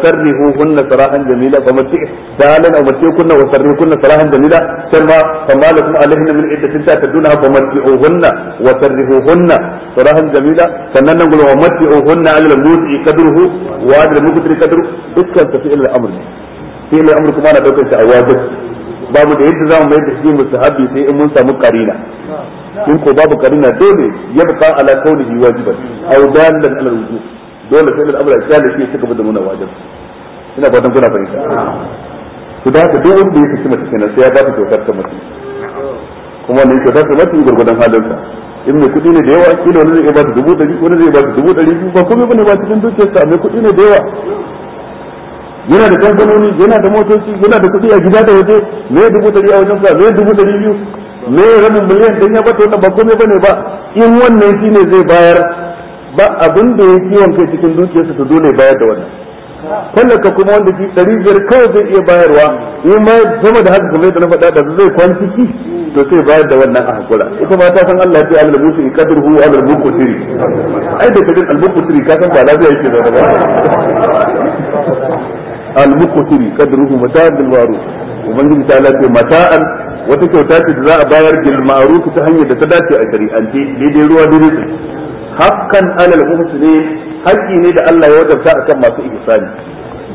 [SPEAKER 1] hunna sarahan jamila famatti dalan aw kunna wa kunna sarahan jamila sama famalakum lakum min iddatin ta'taduna famatti'uhunna wa hunna sarahan jamila sannan nan gulo matti'uhunna 'ala alal muti kadruhu wa 'ala al kadru qadru dukkan tafi'il al-amr fi mai amru kuma na daukar ta a babu da yadda zamu mai da shi musahabi sai in mun samu karina in ko babu karina dole ya buka ala kaunihi wajiban aw dalan ala wujub dole sai al amra kyale shi suka bada muna wajib ina fatan kuna fahimta to da haka duk wanda ya kuma mata sai ya ba ta dokar ta mutum kuma ne ka ta mutum gurgudan halinsa in mai kudi ne da yawa kilo wani zai ba ta dubu ɗari wani zai ba ta dubu dari biyu ba komai bane ba cikin sa mai kudi ne da yawa yana da kamfanoni yana da motoci yana da kudi a gida da waje mai dubu dari a wajen sa mai dubu dari biyu me rabin miliyan dan ya bata wannan ba komai bane ba in wannan shine zai bayar ba abin da ya kiwon kai cikin dukiyarsa to dole bayar da wannan tallaka kuma wanda shi ɗari biyar kawai zai iya bayarwa in ma zama da haka kamar da na faɗa da zai kwantiki to sai bayar da wannan a hakura ita ma ta san Allah ya ce alal musu qadru hu alal muqtiri ai da kadin al muqtiri ka san ba lafiya yake da ba al muqtiri qadruhu mata'an bil ma'ruf ubangiji ta lafiya mata'an wata kyauta ce da za a bayar bil ma'ruf ta hanyar da ta dace a shari'ance daidai ruwa daidai tsaye hakkan alal muhsinin haƙƙi ne da Allah ya wajabta akan masu ihsani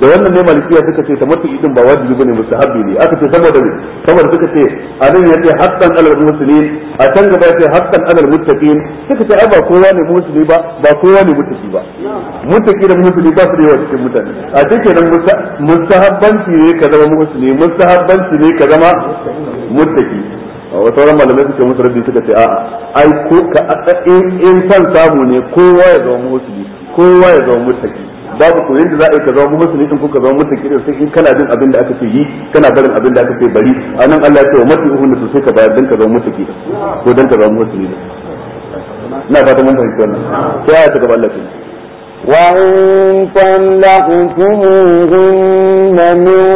[SPEAKER 1] da wannan ne malikiya suka ce tamattu idin ba wajibi bane mustahabbi ne aka ce saboda ne saboda suka ce anan yace haqqan alal muslimin a can gaba ce haqqan alal muttaqin suka ce ai ba kowa ne musulmi ba ba kowa ne muttaqi ba muttaqi da musulmi ba su da yawa cikin mutane a cikin nan mustahabbanci ne ka zama musulmi mustahabbanci ne ka zama muttaqi wa sauran malamai suka musu rabbi suka ce a'a ai ko ka in san samu ne kowa ya zama musulmi kowa ya zama muttaqi babu koyon da za a yi ka zama musulmi in kuka zama mutum kiɗa sai in kana bin abin da aka ce yi kana barin abin da aka ce bari a nan Allah ya ce wa mafi uhun da su sai ka bayar don ka zama mutum kiɗa ko don ka zama musulmi na fata mun fahimci wannan sai aya ta gaba Allah ce
[SPEAKER 2] وإن
[SPEAKER 1] طلقتموهن
[SPEAKER 2] من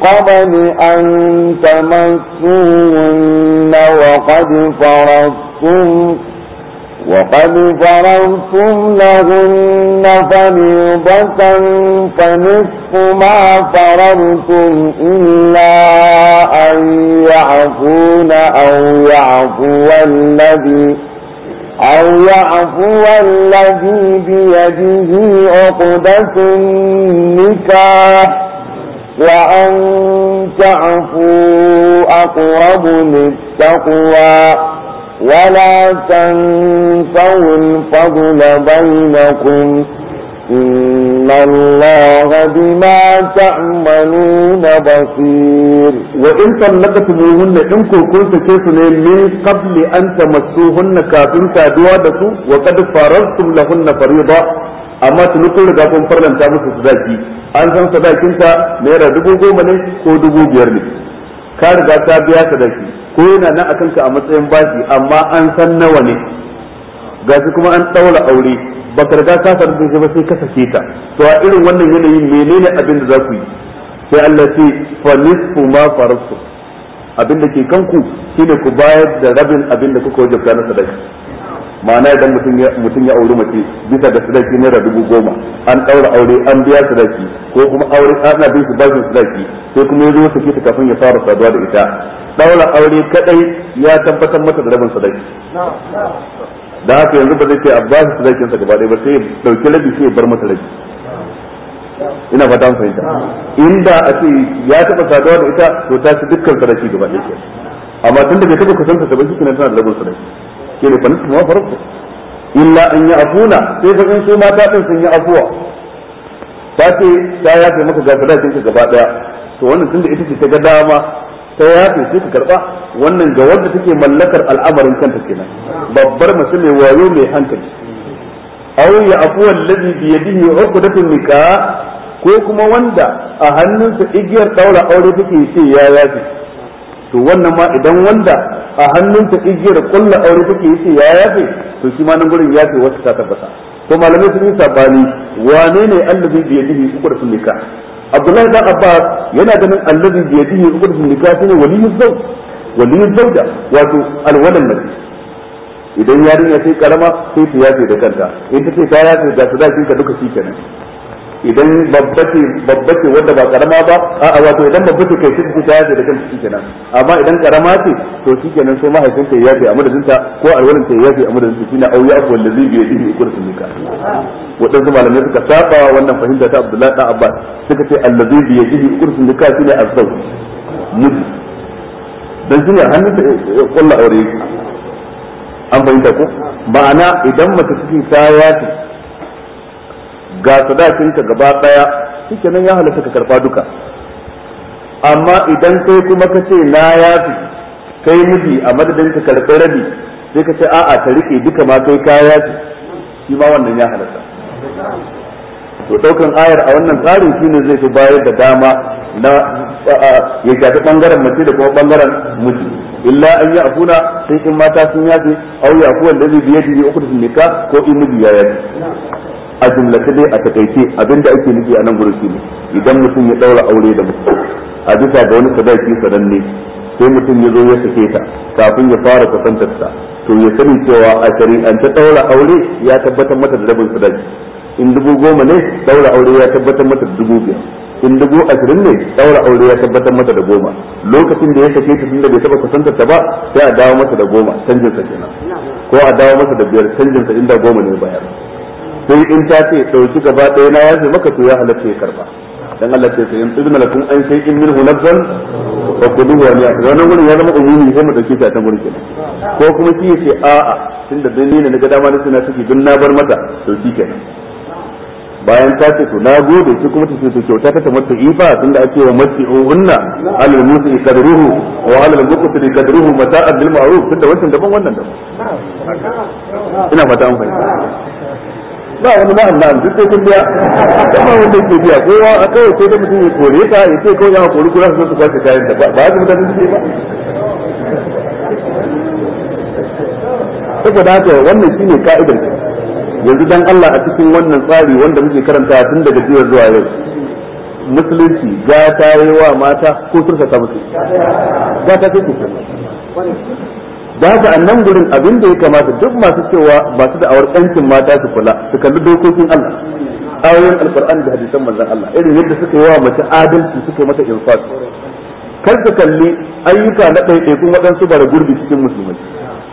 [SPEAKER 2] قبل أن تمسوهن وقد فرضتم وقد فرضتم لهن فريضة فنصف ما فرضتم إلا أن يعفون أو يعفو الذي أو يعفو الذي بيده عقدة النكاح وأن تعفوا أقرب للتقوى ولا تنسوا الفضل بينكم إن الله su
[SPEAKER 1] تعملون بصير وإن طلقتموهن إن كنت كيسن من قبل أن تمسوهن كافٍ كادوا وقد فرضتم لهن فريضة amma tuni kun riga kun farlanta musu sadaki an san sadakinta naira dubu goma ne ko dubu biyar ne ka riga ta biya sadaki ko yana nan akan ka a matsayin bashi amma an san nawa ne ga gashi kuma an daura aure ba ka riga ka farko shi ba sai ka sake ta to a irin wannan yanayin menene abin da za ku yi sai Allah ce fa nisfu ma farastu abin da ke kanku shine ku bayar da rabin abin da kuka wajabta na sadaka ma'ana idan mutum ya auri mace bisa da sadaki naira dubu goma an ɗaura aure an biya sadaki ko kuma aure ana bin su bashin sadaki sai kuma ya zo sake ta kafin ya fara saduwa da ita ɗaura aure kadai ya tabbatar mata da rabin sadaki da haka yanzu ba zai ce a bashi sadakinsa gaba ɗaya ba sai ya ɗauki rabi sai ya bar mata rabi ina fata an fahimta inda a ce ya taɓa saduwa da ita to ta ci dukkan sadaki gaba ɗaya amma tun da bai taɓa kusanta ta ba shi tana da rabin sadaki shi ne fa ma illa an ya afuna sai ka in su mata ɗin sun yi afuwa ta ce ta yafe maka ga sadakin ka gaba daya to wannan tunda ita ce ta ga dama ta yafe sai ka karba wannan ga wanda take mallakar al'amarin kanta kenan babbar mace mai wayo mai hankali aw ya afuwa alladhi bi yadihi uqdatun nikah ko kuma wanda a hannunsa igiyar daura aure take ce ya yafi to wannan ma idan wanda a hannunta igiyar kulla aure take yace ya yafe to shi ma nan gurin yafe wata ta tabbata to malamai sun yi sabani wane ne allazi bi yadihi sun nika? Abdullahi da Abbas yana ganin allazi bi yadihi uqratun nikah shine waliyyu zawj waliyyu zawja wato alwalan nabi idan yarinya sai karama sai ta yafe da kanta in ta ce ta yafe da sadaki ka duka shi kenan idan babbace babbace wanda ba karama ba a'a wato idan babbace kai shi ta yafe da kanta kenan amma idan karama ce to shikenan sai mahaifin ta yafe a madadin ta ko alwalin ta yafe a madadin ta shine auya ko wanda zai biye dibi ikul sunika wadansu malamai suka saba wannan fahimta ta Abdullahi da Abbas suka ce allazi biye dibi ikul sunika shine azzauj miji dan shine hannun ta eh, kullu aure an fahimta ko ma'ana idan mace take ta yafe ga sadakin ka gaba daya shike nan ya halatta ka karfa duka amma idan kai kuma ka ce na yafi kai miji a madadin ka rabi sai ka ce a'a ka rike duka ma kai ka yafi shi ma wannan ya halatta to daukan ayar a wannan tsarin shine zai fi bayar da dama na ya shafi bangaren mace da kuma bangaren miji illa an yi afuna sai in mata sun yafi au yafuwan da zai biye da uku da ko in miji ya yafi a jumlace dai a takaice abinda ake nufi a nan gurin shi ne idan mutum ya daura aure da mutum a bisa ga wani sadaki sananne sai mutum ya zo ya sake ta kafin ya fara kusantar ta to ya sani cewa a ta daura aure ya tabbatar mata da rabin sadaki in dubu goma ne daura aure ya tabbatar mata da dubu biyar in dubu ashirin ne daura aure ya tabbatar mata da goma lokacin da ya sake ta tunda bai taba kusantar ta ba sai a dawo mata da goma canjin sa kenan ko a dawo mata da biyar canjin sa inda goma ne bayar sai in ta ce dauki gaba ɗaya na yafe maka to ya halatta ya karba dan Allah ce sai in tsibna lakum an sai in minhu nafsan wa kudu wa ya wannan gurin ya zama umumi sai mu dauke ta a gurin kenan ko kuma shi yace a'a tunda dan ne na ga dama na suna take dun na bar mata to shi kenan bayan ta ce to na gode shi kuma ta ce to kyauta ta tamattu ifa tunda ake wa unna alal musi kadruhu wa alal muqtiri kadruhu mata'a bil ma'ruf tunda wannan daban wannan
[SPEAKER 3] daban ina fata an fahimta
[SPEAKER 1] ba wani na'am na'am duk sai kun biya kuma wanda yake biya kowa a kawai ko da mutum ya kore ka ya ce kawai yawa kore ku za su su kwace kayan da ba haka da suke ba saboda haka wannan shine ka'idar yanzu dan Allah a cikin wannan tsari wanda muke karanta tun daga jiya zuwa yau musulunci ga ta yi wa mata ko turka ta musu ga ta ce da haka a nan gurin abin da ya kamata duk masu cewa ba su da'awar ƴancin mata su kula su kalli dokokin Allah ayoyin alkur'ani da hadisan manzon Allah irin yadda suka yi wa mace adalci suka yi mata infaq kar ka kalli ayyuka na kun waɗansu bara gurbi cikin musulmai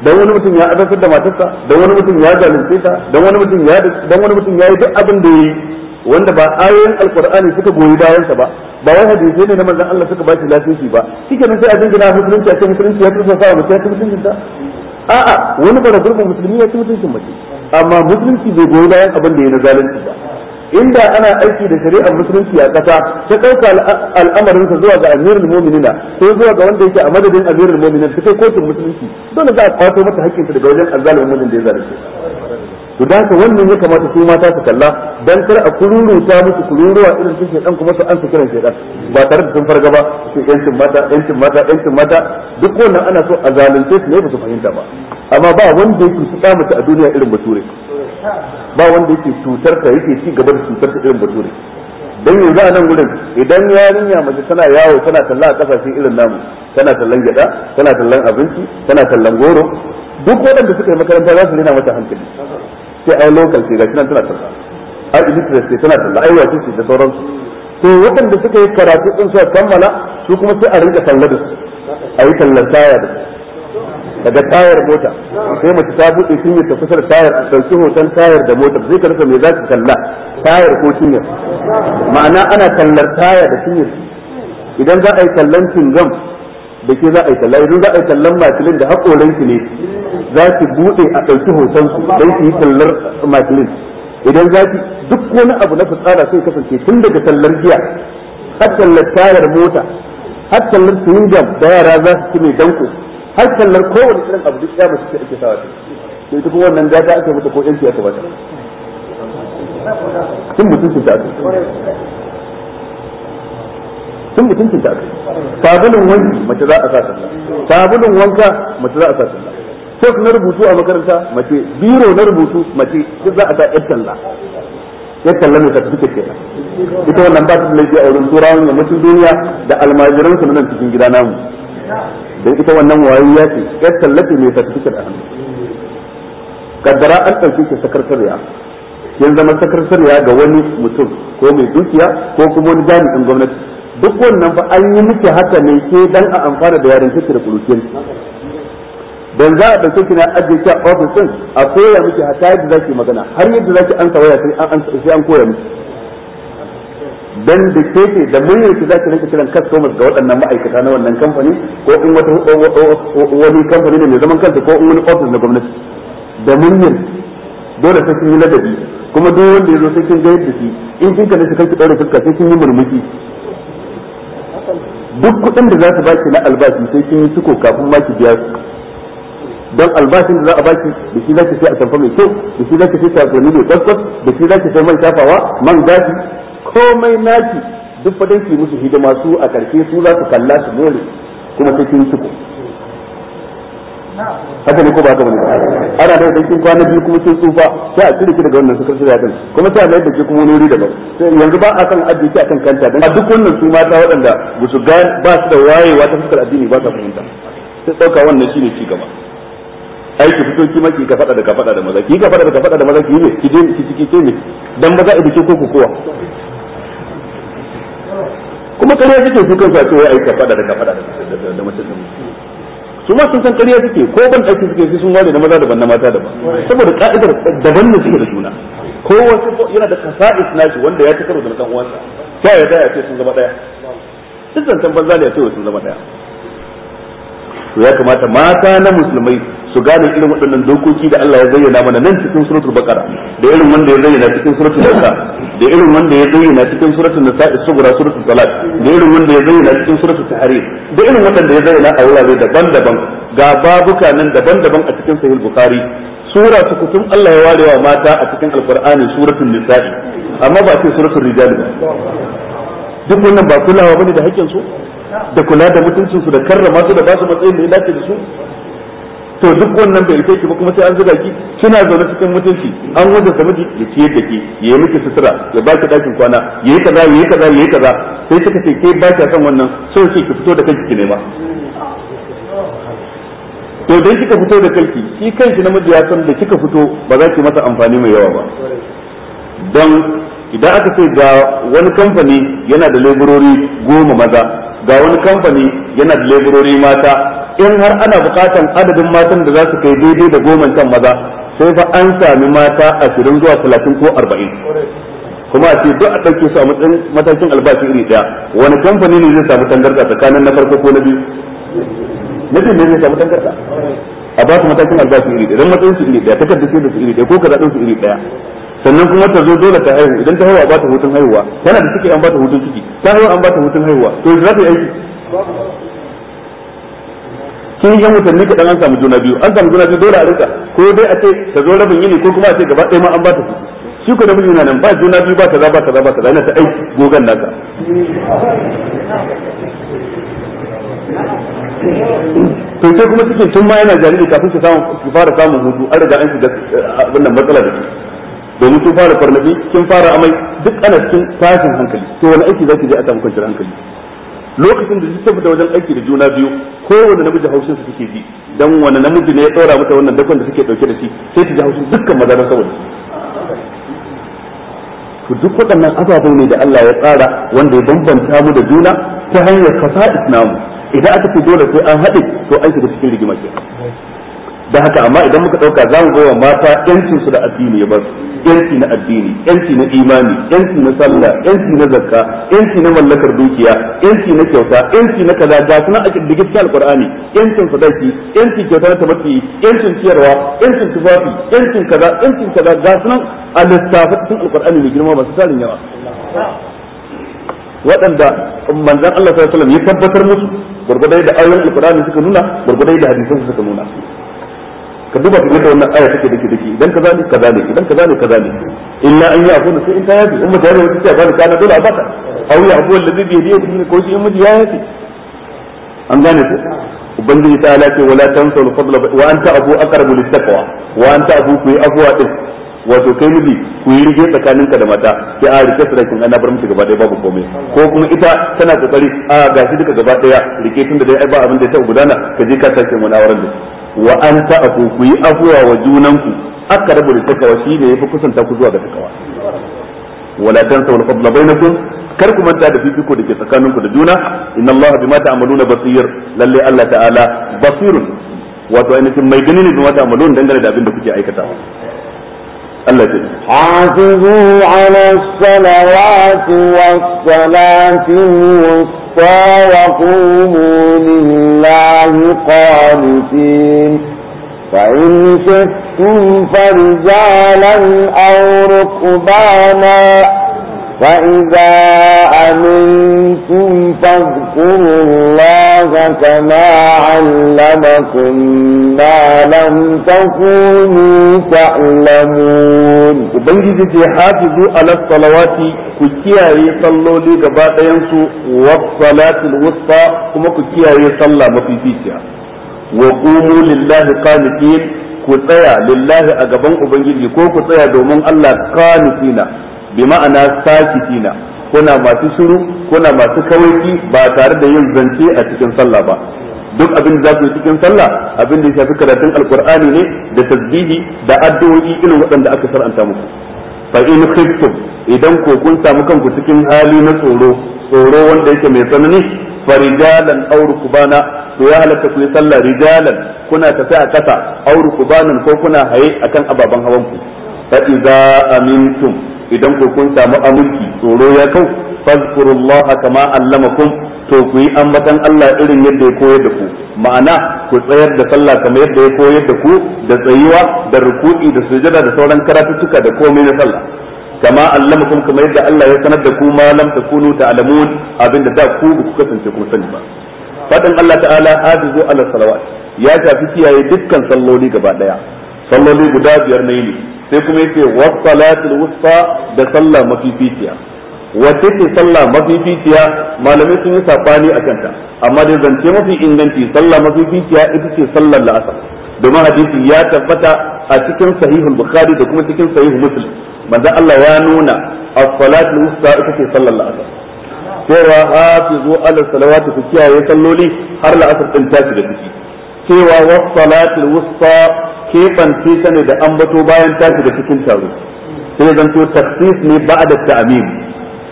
[SPEAKER 1] dan wani mutum ya azabtar da matarsa dan wani mutum ya zalunce ta dan wani mutum ya dan wani mutum ya yi duk abin da yi. wanda ba ayoyin alkur'ani suka goyi bayan sa ba ba wai hadisi ne na manzon Allah suka bashi lafiyi ba kike shike sai a dingina musulunci a ce musulunci ya tsaya sa mutum ya tursa mutum ta a'a wani bara gurbin musulmi ya tursa mutum mace amma musulunci bai goyi bayan abin da ya na zalunci ba inda ana aiki da shari'ar musulunci a ƙasa ta ɗauka al'amarin sa zuwa ga amirul mu'minina ko zuwa ga wanda yake a madadin amirul mu'minin ta kai kotun musulunci dole za a kwato mata haƙƙinta daga wajen azalumin da ya zalunce to da haka wannan ya kamata su mata su kalla dan kar a kururu ta musu kururuwa irin su dan kuma su an su kiran shedan ba tare da sun farga ba su yancin mata yancin mata yancin mata duk wannan ana so a zalunce su ne ba su fahimta ba amma ba wanda yake su mutu a duniya irin bature ba wanda yake cutar ta yake ci gaba da cutar ta irin bature dan yanzu a nan gurin idan yarinya mace tana yawo tana talla a kasashen irin namu tana tallan gyada tana tallan abinci tana tallan goro duk waɗanda suka yi makaranta za su nuna mata hankali sai ai local sai gashi nan tana talla ai illiterate sai tana talla ai wato sai da sauransu to waɗanda suka yi karatu din su kammala su kuma sai a rinka talla da su a yi tallar taya da su daga tayar mota sai mace ta buɗe cinyar ta kusa da tayar a ɗauki hoton tayar da motar sai ka rasa me za ka kalla tayar ko cinyar ma'ana ana tallar taya da cinyar idan za a yi tallan cingam da ke za a yi talla idan za a yi tallan makilin da haƙoran ki ne za su buɗe a ɗauki hoton su don su yi tallar makilin idan za su duk wani abu na fitsara sai kasance tun daga tallar giya har tallar tayar mota har tallar tunjam da yara za su ci mai danko har tallar kowane irin abu duk ya mace ake sawa ta sai ta kuma wannan gata ake mata ko yanci ya ta bata mutum su ta sun mutuncin ta sabulun wanki mace za a sa sallah sabulun wanka mace za a sa sallah sok na rubutu a makaranta mace biro na rubutu mace duk za a sa yar sallah yar sallah ne certificate kenan ita wannan ba ta da laifi a wurin turawan yammacin duniya da almajiran su nan cikin gida namu dan ita wannan ya ce yar sallah ce ka certificate a hannu kaddara an ɗauke shi sakarkariya yanzu zama sakarkariya ga wani mutum ko mai dukiya ko kuma wani jami'in gwamnati duk wannan ba an yi muke haka ne ke dan a amfana da yaren kike da kulukin dan za a dauke kina ajiye ki a office din a koya miki haka yadda zaki magana har yadda zaki ansa waya sai an sai an koya miki dan da ke da muni ki zaki rinka kiran customers ga waɗannan ma'aikata na wannan kamfani ko in wata wani kamfani ne mai zaman kansa ko in wani office na gwamnati da muni dole sai kin yi ladabi kuma duk wanda yazo sai kin ga yadda shi in kin kalle sai kin daure fuska sai kin yi murmushi duk kuɗin da za su baki na albashi sai kin yi ciko kafin ma ki biya su dan albashin da za a baki da shi zaki sai a tamfa mai kyau da shi zaki sai ne mai kwaskwas da shi zaki sai man shafawa man gashi komai naki duk fadan ki musu hidima su a karshe su za su kalla su dole kuma sai kin ciko haka ne ko ba haka bane ana da kin kwana biyu kuma sun tsufa sai a cire ki daga wannan sukar shirya kan kuma sai a layar da ki kuma wani daban sai yanzu ba a kan addini a kan kanta a duk wannan su mata waɗanda ba su ga ba su da wayewa ta fuskar addini ba ta fahimta sai dauka wannan ne ci gaba aiki fito ki maki ka fada da ka fada da maza ki ka fada da ka fada da maza ki ne ki je ki ciki ke ne dan maza idan ki ko ku kowa kuma kare kake su kan a cewa ai ka fada da ka fada da mace da mace su ma sun san ƙarya suke ko ban ɗaki suke sai sun ware na maza daban na mata daban saboda ka'idar daban ne suke da juna ko wasu yana da kasa'is nashi wanda ya ci karo da ɗan uwansa sai ya ce sun zama ɗaya duk zancen banza ne ya ce sun zama ɗaya to ya kamata mata na musulmai su gane irin waɗannan dokoki da Allah ya zayyana mana nan cikin suratul baqara da irin wanda ya zayyana cikin suratul baqara da irin wanda ya zayyana cikin suratul nisa sugura suratul salat da irin wanda ya zayyana cikin suratul tahrim da irin waɗanda ya zayyana a wurare daban-daban ga babuka nan daban-daban a cikin sahih bukhari sura ta kutum Allah ya wa mata a cikin alqur'ani suratul nisa'i amma ba ce suratul rijal ba duk wannan ba kulawa bane da haƙƙin su da kula da mutuncin su da karrama su da basu matsayin da ya dace da su to duk wannan bai rufe ki ba kuma sai an zuga ki kina zaune cikin mutunci an wanda sa miji ya ciye da ki ya yi miki sutura ya ba ki dakin kwana ya yi kaza ya yi kaza ya yi kaza sai kika ce kai ba ki kan wannan sai ki fito da kanki ki nema to dan kika fito da kanki shi kanki namiji ya san da kika fito ba za ki masa amfani mai yawa ba don idan aka ce ga wani kamfani yana da leburori goma maza ga wani kamfani yana da leburori mata in har ana bukatan adadin matan da za su kai daidai da goma can maza sai fa an sami mata ashirin zuwa talatin ko arba'in kuma a ce duk a ɗauke su a matsayin matakin albashi iri ɗaya wani kamfani ne zai samu tangarɗa tsakanin na farko ko na biyu mutum ne zai samu tangarɗa a ba su matakin albashi iri ɗaya don matsayin su iri ɗaya takardar sai da su iri ɗaya ko kaza ɗin su iri ɗaya sannan kuma ta zo dole ta haihu idan ta haihu a bata hutun haihuwa tana da ciki an bata hutun ciki ta haihu an bata hutun haihuwa to za ta yi aiki sun yi watanni dan an samu juna biyu an samu juna biyu dole a rika ko dai a ce ta zo rabin yini ko kuma a ce gaba ɗaya ma an ba ta su shi ko namiji na nan ba juna biyu ba za ba za ba za ina ta aiki gogan naka to sai kuma suke tun ma yana jariri kafin su samu su fara samun hutu an riga an shiga eh, abin nan matsala da domin sun fara farnabi kin fara amai duk ana cikin tashin hankali to wani aiki zaki je a samu kwanciyar hankali lokacin da su saboda wajen aiki da juna biyu kowane namiji su suke bi dan wani namiji ne ya tsora mata wannan dakon da suke dauke da shi sai ta ji haushin dukkan maza saboda su duk waɗannan ababen ne da Allah ya tsara wanda ya bambanta mu da juna ta hanyar fasa'is namu idan aka fi dole sai an haɗe to an shiga cikin rigima kenan da haka amma idan muka dauka za mu gowa mata yancin su da addini ya basu yanci na addini yanci na imani yanci na sallah yanci na zakka yanci na mallakar dukiya yanci na kyauta yanci na kaza ga kuma a cikin digital alqur'ani yancin sadaki yanci kyauta ta tamattu yancin ciyarwa yancin tufafi yancin kaza yancin kaza ga suna a lissafa cikin alqur'ani mai girma ba su tarin yawa waɗanda manzon Allah sallallahu alaihi wasallam ya tabbatar musu gurgudai da ayoyin alqur'ani suka nuna gurgudai da hadisan suka nuna ka duba ka ga wannan aya take dake dake idan kaza ne kaza ne idan kaza ne kaza ne illa an yafu sai in ta yafi in mutane wata ce ba da kana dole a baka aw yafu allazi bi yadihi ko shi in miji ya yafi an gane ku ubangiji ta ala ce wala tansu al fadl wa anta abu aqrabu lit taqwa wa anta abu ku yi afwa din wato kai miji ku yi rige tsakaninka da mata sai a rike sadakin ana bar miki gaba daya babu komai ko kuma ita tana kokari a gashi duka gaba daya rike tun da dai ba abin da ta gudana ka je ka sake wani auren da wa an ta'afu ku yi afuwa wa junanku aka rabu da takawa shi ne yafi kusanta ku zuwa ga takawa wala tansaw al-fadla bainakum kar ku manta da fifiko da ke tsakaninku da juna inna allaha bima ta'maluna basir lalle allah ta'ala basirun wato ainihin mai ganin ne bima ta'malun dangane da abin da kuke aikatawa التي
[SPEAKER 2] حافظوا
[SPEAKER 1] على الصلوات والصلاة
[SPEAKER 2] الوسطى القسطى لله قانتين فإن شفتم فرجالا أو ركبانا فإذا أمنتم فاذكروا الله كما علمكم ما لم تكونوا تعلمون
[SPEAKER 1] جي حافظوا على الصلوات كيكياي صلوا لي قبات ينسوا والصلاة الوسطى كما كيكياي صلى مفيفيتها وقوموا لله قانتين ku tsaya lillahi a gaban ubangiji ko ku tsaya bi ma'ana sakitina kuna masu shiru kuna masu kawai ba tare da yin zance a cikin sallah ba duk abin da za ku yi cikin sallah abin da ya shafi karatun alkur'ani ne da tasbihi da addu'o'i irin waɗanda aka saranta muku fa in khiftum idan ko kun samu kanku cikin hali na tsoro tsoro wanda yake mai tsanani fa rijalan aw rukbana to ya halatta ku yi sallah rijalan kuna tafi a kasa aw rukbanan ko kuna haye akan ababen hawan ku fa idza amintum idan ku kun samu aminci tsoro ya kau fazkurullaha kama allamakum to ku yi ambatan Allah irin yadda ya koyar da ku ma'ana ku tsayar da sallah kamar yadda ya koyar da ku da tsayuwa da ruku'i da sujada da sauran karatuttuka da komai na sallah kama allamakum kamar yadda Allah ya sanar da ku ma lam takunu ta'lamun abinda da ku ku kasance ku sani ba fadin Allah ta'ala hafizu ala salawat ya shafi kiyaye dukkan salloli gaba daya salloli guda biyar ne sai kuma yace was-salatul wusta da sallah mafificiya wace ce sallah mafificiya malamai sun yi sabani a kanta amma da zance mafi inganci sallah mafificiya ita ce sallar la'asar domin hadisi ya tabbata a cikin sahihul bukhari da kuma cikin sahihul muslim manzo Allah ya nuna as-salatul wusta ita ce sallar la'asar cewa hafizu ala salawati ku kiyaye salloli har la'asar din tashi da ciki cewa was-salatul wusta kefan ta ne da ambato bayan tashi da cikin taro sai zanto taksis ne ba da ta'mim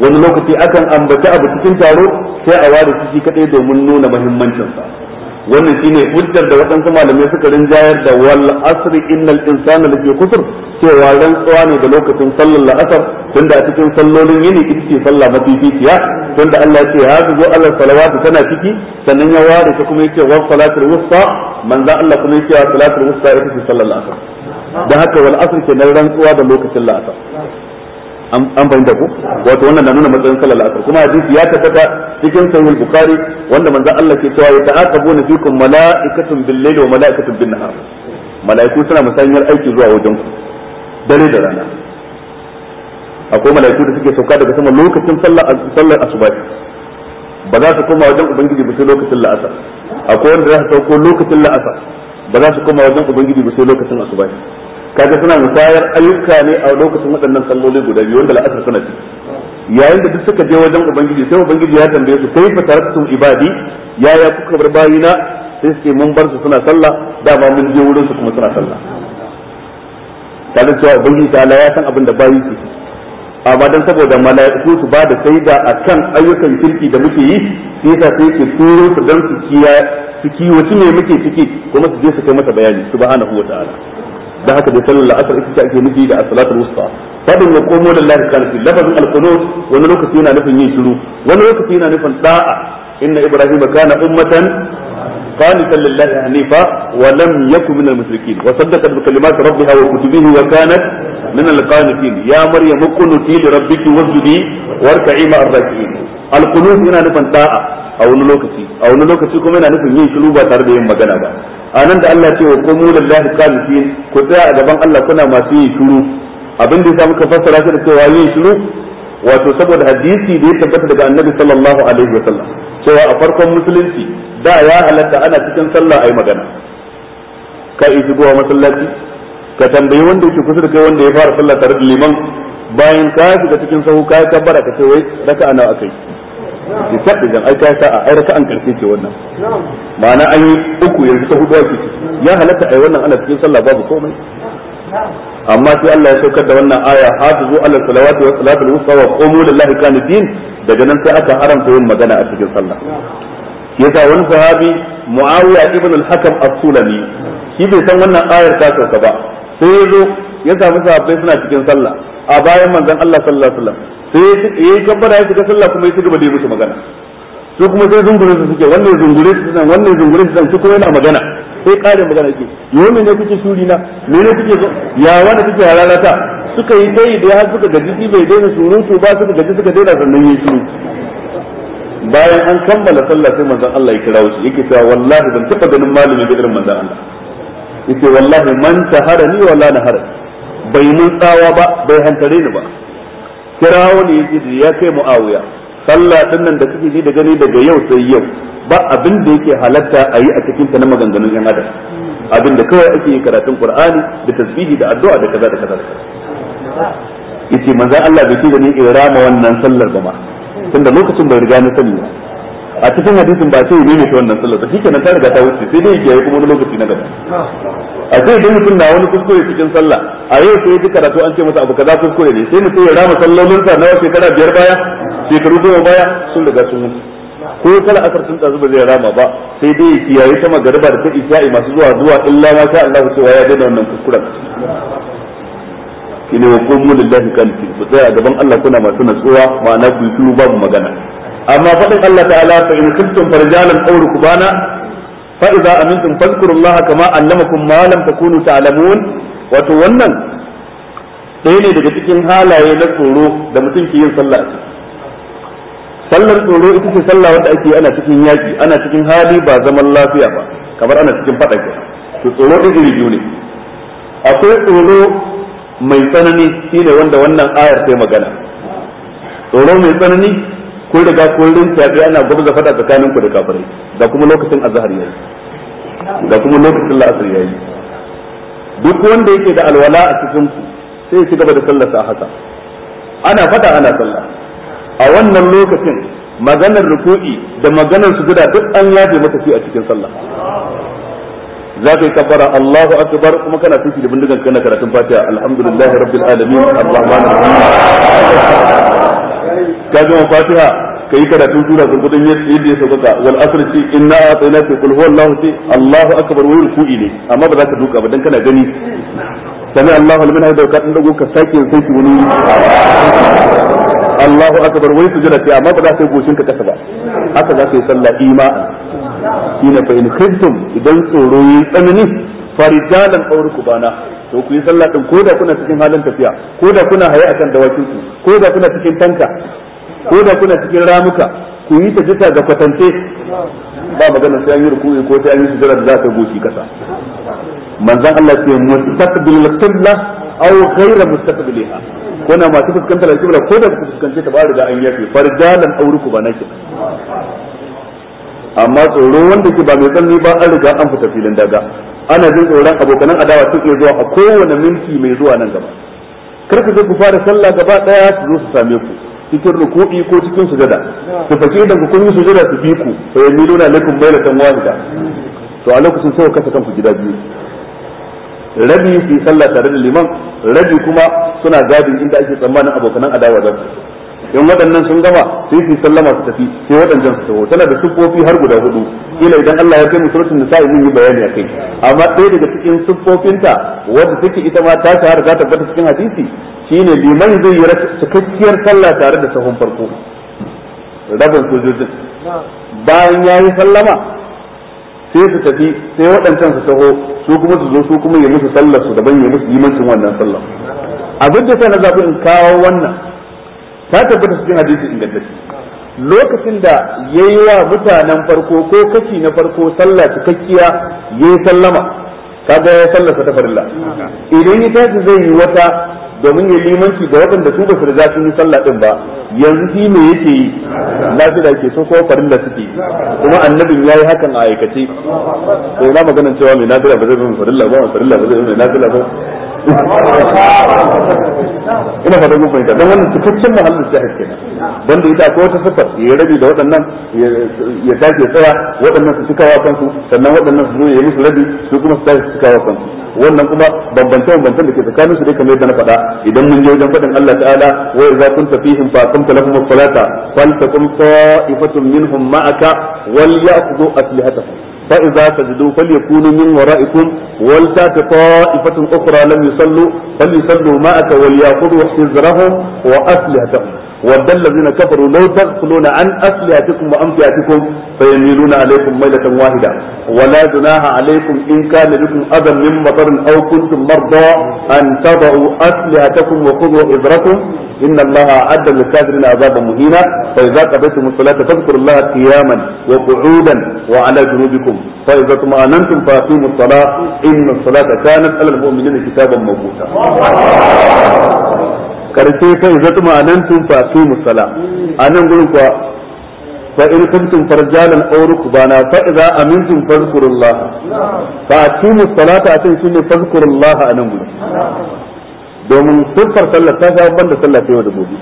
[SPEAKER 1] wani lokaci akan ambata abu cikin taro sai a ware shi kadai domin nuna muhimmancinsa. wannan shine hujjar da waɗansu malamai suka rinjayar da wal asri innal insana lafi kusur cewa rantsuwa ne da lokacin sallar la'asar tunda a cikin sallolin yini ita ce sallah mafificiya tunda Allah ya ce haka zo Allah salawatu tana ciki sannan ya ware ta kuma yace wa salatul wusta manzo Allah kuma yace wa salatul wusta ita ce sallar la'asar da haka wal asr kenan rantsuwa da lokacin la'asar an fahimta ku wato wannan na nuna matsayin sallar asar kuma hadisi ya tabbata cikin sahih bukhari wanda manzo Allah ke cewa na fikum mala'ikatun bil-layli wa mala'ikatun bin-nahar mala'iku suna musayar aiki zuwa wajen ku dare da rana akwai mala'iku da suke sauka daga sama lokacin sallar sallar asuba ba za su koma wajen ubangiji ba sai lokacin la'asar akwai wanda za su sauko lokacin la'asar ba za su koma wajen ubangiji ba sai lokacin asuba kaga suna musayar ayyuka ne a lokacin waɗannan salloli guda biyu wanda la'asar suna ci yayin da duk suka je wajen ubangiji sai ubangiji ya tambaye su kai fatarattum ibadi ya kuka bar bayina sai suke mun bar su suna sallah dama mun je wurin su kuma suna sallah kaga cewa ubangiji ta ya san abin da bayi su amma dan saboda mala'iku su ba da saida akan ayyukan kirki da muke yi sai ta sai ke turo su dan su kiya su kiwaci ne muke ciki kuma su je su kai masa bayani subhanahu ta'ala da haka dai sallar la'asar ita ce ake nufi da as-salatul wusta fadin wa qumu lillahi qanitin lafazin al-qunut wani lokaci yana nufin yin shiru wani lokaci yana nufin da'a inna ibrahima kana ummatan قانتا لله حنيفا ولم يكن من المشركين وصدقت بكلمات ربها وكتبه وكانت ya القانتين يا مريم اقنتي لربك واسجدي واركعي مع الراكعين القنوت هنا نفن طاعة a wani lokaci a wani lokaci kuma yana nufin yin shiru ba tare da yin magana ba anan da Allah ce wa qumu lillahi qanitin ku tsaya a gaban Allah kuna masu yin shiru abin da yasa muka fassara shi da cewa yin shiru wato saboda hadisi da ya tabbata daga annabi sallallahu alaihi wasallam cewa a farkon musulunci da ya halatta ana cikin sallah ai magana ka yi shigowa masallaci ka tambayi wanda yake kusa da kai wanda ya fara sallah tare da liman bayan ka shiga cikin sahu ka kabbara ka ce wai raka'a nawa akai ya sabbi dan ai kai sa'a ai raka'an karshe ce wannan ma'ana an yi uku yanzu ta hudu ake ya halatta ai wannan ana cikin sallah babu komai amma sai Allah ya saukar da wannan aya hafizu ala salawati wa salatul wusta wa qumu lillahi qanitin daga nan sai aka haramta yin magana a cikin sallah yasa wani sahabi muawiya ibn al-hakam as-sulami shi bai san wannan ayar ta sauka ba sai ya zo ya samu sahabbai suna cikin sallah a bayan manzon Allah sallallahu alaihi wasallam sai yayi kabbara ya shiga sallah kuma ya shiga da musu magana su kuma sai zungure su suke wannan zungure su san wannan zungure su san su kuma yana magana sai ƙarin magana yake yau me ne kuke shuri na me ne kuke ya wani kuke halalata suka yi dai da har suka gaji bai daina surutu ba suka gaji suka daina sannan yi shiru bayan an kammala sallah sai manzon Allah ya kira shi yake cewa wallahi ban taba ganin malami da irin manzon Allah yake wallahi man taharani wala naharani bai mun tsawa ba bai hantare ni ba kirawo ne yake da ya kai muawiya sallah nan da kake ji da gani daga yau sai yau ba abin da yake halatta a yi a cikin ta na maganganun yan adam abin da kawai ake yi karatun qur'ani da tasbihi da addu'a da kaza da kaza da kaza yace manzon Allah bai ce gani ni rama wannan sallar ba ma tunda lokacin bai riga na sani ba a cikin hadisin ba sai ne shi wannan sallar shi kenan ta riga ta wuce sai dai yayi kuma wani lokaci na gaba a sai dai mutum na wani kuskure cikin sallah a yau sai ji karatu an ce masa abu kaza kuskure ne sai mutum ya rama sallolin sa na shekara biyar baya shekaru goma baya sun riga sun mutu. ko kala asar sun tsazu ba zai rama ba sai dai ya kiyaye ta garba da ta isa'i masu zuwa zuwa illa ma sha Allah cewa ya daina wannan kuskuren shine wa qumu lillahi qanitin ku tsaya gaban Allah kuna masu natsuwa ma'ana ku yi babu magana amma faɗin Allah ta'ala fa in kuntum farjalan aw rukbana fa idza amintum fadhkurullaha kama allamakum ma lam takunu ta'lamun wato wannan ɗaya ne daga cikin halaye na tsoro da mutum ke yin sallah sallar tsoro ita ce sallah wanda ake ana cikin yaki ana cikin hali ba zaman lafiya ba kamar ana cikin faɗa ke to tsoro ɗin iri biyu ne akwai tsoro mai tsanani shine wanda wannan ayar ta magana tsoro mai tsanani kun riga kun rinta ana gurza fada tsakanin ku da kafirai da kuma lokacin azhar yayi da kuma lokacin la'asar yayi duk wanda yake da alwala a cikin ku sai ya ci da sallar sa haka ana fada ana sallah a wannan lokacin maganar ruku'i da maganar sujuda duk an yaje maka shi a cikin sallah za ka yi kafara Allahu akbar kuma kana tuki da bindigan kana karatun Fatiha alhamdulillahi rabbil alamin arrahmanir ka gama fatiha ka yi karatu sura gurgudun yadda ya sauka wal asr ce inna atayna fi qul huwallahu ce Allahu akbar wa ruku'i ne amma ba za ka duka ba dan kana gani sami Allahu liman hada ka dan dago ka sake sai ki wani Allahu akbar wai sujada ce amma ba za ka yi goshin ka kasa ba haka za ka yi sallah ima'an shine fa in khiftum idan tsoro yi tsanani farijalan aure ku bana to ku yi sallah din ko da kuna cikin halin tafiya ko da kuna haye akan dawakin ku ko da kuna cikin tanka ko da kuna cikin ramuka ku yi ta ga kwatance ba magana sai an yi ruku'i ko sai an yi sujjada da za ta goshi kasa manzon Allah ce mustaqbil qibla aw ghayra mustaqbiliha kuna masu fuskantar al-qibla ko da ku fuskance ta ba riga an yafe farjalan auruku ba nake amma tsoro wanda ke ba mai tsanni ba an riga an fita filin daga ana jin tsoron abokanan adawa sun iya zuwa a kowane minti mai zuwa nan gaba karka zai ku fara sallah gaba daya su zo su same ku cikin ruku'i ko cikin sujada su fashe idan ku kun sujada su bi ku bai yamiluna ta baylatan wahida to a lokacin sai ku kasa kanku gida biyu rabi su sallah tare da liman rabi kuma suna gadin inda ake tsammanin abokanan adawa za ku. in waɗannan sun gama sai su sallama su tafi sai waɗannan su tawo tana da siffofi har guda hudu kila idan Allah ya kai suratul nisa mun yi bayani akai amma ɗaya daga cikin siffofinta wanda take ita ma ta shahara ta bata cikin hadisi shine liman zai yi cikakkiyar sallah tare da sahun farko rabin sojojin bayan ya yi sallama sai su tafi sai waɗancan su taho su kuma su zo su kuma yi musu sallar su daban yi musu limancin wannan sallar abin da sai na zaɓi in kawo wannan ta tabbata cikin hadisi ingantacce lokacin da yayi wa mutanen farko ko kashi na farko sallah cikakkiya yayi sallama kaga ya sallasa ta farilla idan ya tashi zai yi wata domin ya limanci da waɗanda su ba su riga sun yi sallah din ba yanzu shi me yake yi lafiya yake sun so farin da suke kuma annabin ya yi hakan a aikace to ina magana cewa mai nafila ba zai bi farilla ba farilla ba zai bi nafila ba ina fata mun fahimta don wannan cikakken mahallin haske na don da ita akwai wata sifar ya rabi da waɗannan ya tashi tsaya waɗannan su cikawa kansu sannan waɗannan su zo ya musu rabi su kuma su tashi su cikawa kansu wannan kuma bambance bambancen da ke tsakanin su dai kamar yadda na faɗa idan mun je wajen fadin Allah ta'ala wa idza kunta fihim fa aqimta lahum as-salata faltaqum ta'ifatun minhum ma'aka wal ya'khudhu aslihatahum fa idza sajadu falyakunu min wara'ikum wal ta'ifatun ukhra lam yusallu falyusallu ma'aka wal ya'khudhu hizrahum wa aslihatahum ود الذين كفروا لو تغفلون عن أسلحتكم وأمتعتكم فيميلون عليكم ميلة واحدة ولا جناح عليكم إن كان لكم أذى من مطر أو كنتم مرضى أن تضعوا أسلحتكم وخذوا إبركم إن الله أعد للكافرين عذابا مهينا فإذا قضيتم الصلاة فاذكروا الله قياما وقعودا وعلى جنوبكم فإذا اطمأننتم فأقيموا الصلاة إن الصلاة كانت على المؤمنين كتابا موقوتا karshe kai zatu tun fa tumu sala anan gurin kuwa fa in kuntum farjalan aw rukbana fa idza amintum fazkurullah fa musala salata atin shine a anan gurin domin siffar sallar ta ga banda sallah ta yau da gobe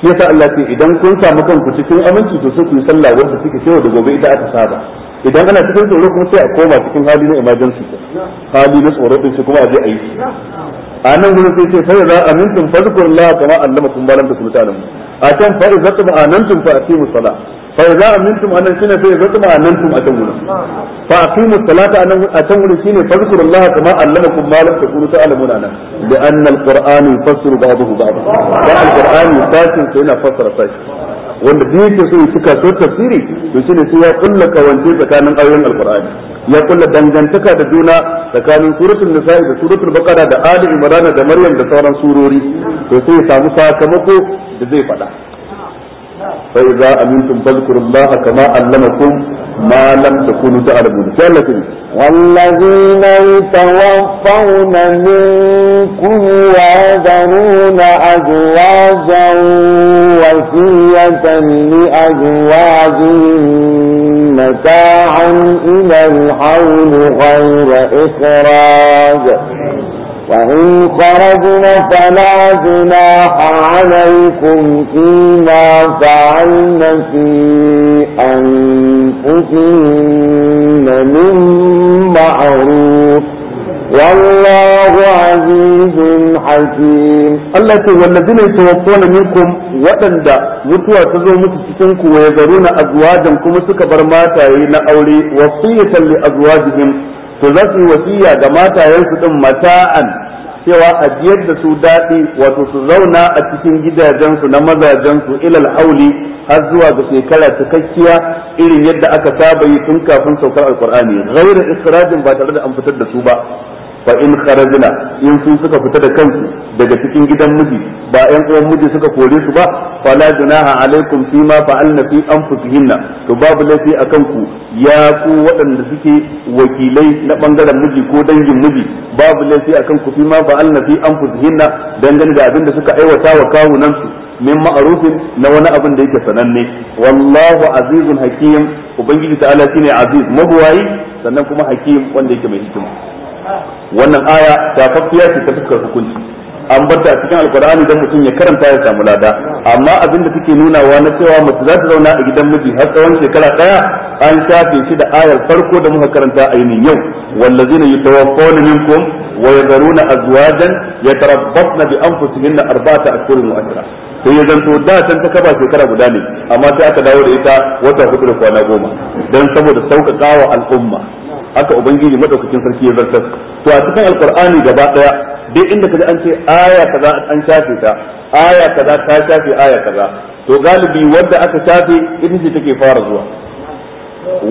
[SPEAKER 1] shi yasa Allah ce idan kun samu kanku cikin aminci to sai ku yi sallah wanda suke yau da gobe ita aka saba idan ana cikin tsoro kuma sai a koma cikin hali na emergency hali na tsoro din shi kuma a je a yi a nan gurin sai ce fa idza amintum fadhkurullaha kama allamakum ma lam takunu ta'lamun a can fa idza tumanantum fa aqimu salat za a amintum anan shine fa idza tumanantum a can gurin fa aqimu salata anan a can gurin shine fadhkurullaha kama allamakum ma lam takunu ta'lamun anan bi anna alquran yufassiru ba'dahu ba'd da alquran fasin sai yana fassara fasin wanda duk yake so ya cika tafsiri to ne sai ya kulla kawance tsakanin ayoyin al'kur'ani ya kulla dangantaka da juna tsakanin suratul nisa'i da suratul baqara da ali imran da maryam da sauran surori to sai ya samu sakamako da zai faɗa fa idza amintum fadhkurullaha kama allamakum ma lam takunu ta'lamun sai Allah
[SPEAKER 2] ta والذين يتوفون منكم ويذرون أزواجا وصية لأزواجهم متاعا إلى الحول غير إخراج وإن خرجنا فلا جناح عليكم فيما فعلن في أنفسهن من معروف والله عزيز حكيم التي
[SPEAKER 1] والذين يتوفون منكم وأن متوى تزو متسكنكم ويذرون أزواجا كما سكبر ماتا أولي وصية لأزواجهم فذاتي وصية جماتا ينسكم متاعا cewa ajiyar da su daɗi wato su zauna a cikin gidajensu na mazajensu ilal hauli har zuwa ga shekara cikakkiya irin yadda aka saba yi tun kafin saukar alkur'ani ghairu israjin ba tare da an fitar da su ba fa in kharajna in sun suka fita da kansu daga cikin gidan miji ba ƴan uwan miji suka kore su ba fala junaha alaikum fi ma fa'alna fi anfusihinna to babu laifi akan ku ya ku waɗanda suke wakilai na bangaren miji ko dangin miji babu laifi akan ku fi ma fa'alna fi anfusihinna dangane da abin da suka aiwata wa kawunan su min ma'arufin na wani abin da yake sananne wallahu azizun hakim ubangiji ta'ala shine aziz mabuwayi sannan kuma hakim wanda yake mai hikima wannan aya kafiya ce ta fuskar hukunci an bar ta cikin alkur'ani dan mutum ya karanta ya samu lada amma abin da take nunawa na cewa mace za ta zauna a gidan miji har tsawon shekara ɗaya an shafe shi da ayar farko da muka karanta a ainihin yau wallazina yatawaffawna minkum wa yadharuna azwajan na bi anfusihinna arba'ata ashhurin wa ashra sai ya zanto da can ta kaba shekara guda ne amma sai aka dawo da ita wata hudu da kwana goma dan saboda sauƙaƙawa al'umma haka ubangiji madaukakin sarki ya zartar to a cikin alqur'ani gaba daya duk inda kaji an ce aya kaza an shafe ta aya kaza ta shafe aya kaza to galibi wanda aka shafe ita ce take fara zuwa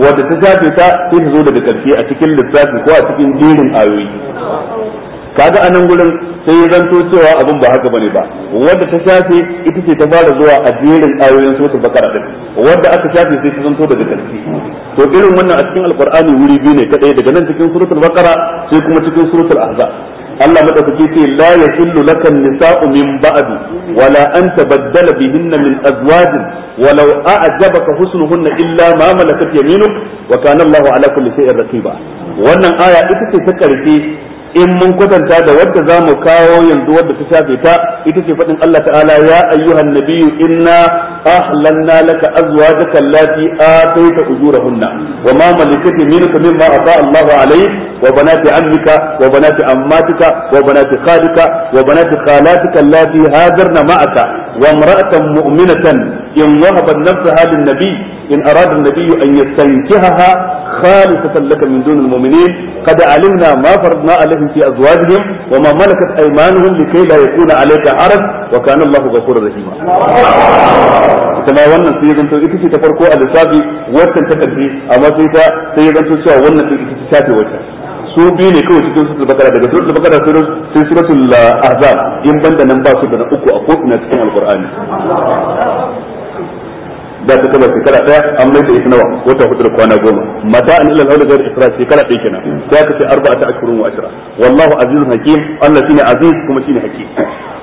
[SPEAKER 1] wanda ta shafe ta sai ta zo daga karshe a cikin lissafi ko a cikin jerin ayoyi kaga anan gurin sai ya zanto cewa abin ba haka bane ba wanda ta shafe ita ce ta fara zuwa a jerin ayoyin suratul bakara din wanda aka shafe sai ta zanto daga karshe to irin wannan a cikin alqur'ani wuri biyu ne kadai daga nan cikin suratul baqara sai kuma cikin suratul ahzab Allah madaukake ce la yahillu lakan nisa'u min ba'di wala an tabaddala bihinna min azwajin walau a'jabaka husnuhunna illa ma malakat yaminuk wa kana Allahu ala kulli shay'in raqiba wannan aya ita ce ta karshe in mun kwatanta da wadda za mu kawo yanzu wadda ta shafe ta ita ce faɗin Allah ta'ala ya ayyuhan nabiyyu inna ahlanna laka azwajaka allati ataita ujurahunna wa ma malakat yaminuka mimma ata allahu alayk wa banati ammika wa banati ammatika wa banati khalika wa banati khalatika allati hadarna ma'aka wa imra'atan mu'minatan in wahabat nafsaha lin nabiy إن أراد النبي أن يستنكهها خالصة لك من دون المؤمنين قد علمنا ما فرضنا عليهم في أزواجهم وما ملكت أيمانهم لكي لا يكون عليك عرض وكان الله غفورا رحيما كما وانا سيدنا إكسي تفرقوا على سابي وطن تكبري أما سيدا سيدنا سيدنا وانا إكسي سابي وطن su biyu ne kawai cikin sura bakara daga sura bakara sai sura ahzab in banda nan ba su da na uku da ta kaba shekara daya an mai da ita nawa wata hudu da kwana goma mata an ilal aula gar isra shekara ɗaya kenan sai aka ce arba'ata ashhurun wa ashra wallahu azizun hakim Allah shine aziz kuma shine hakim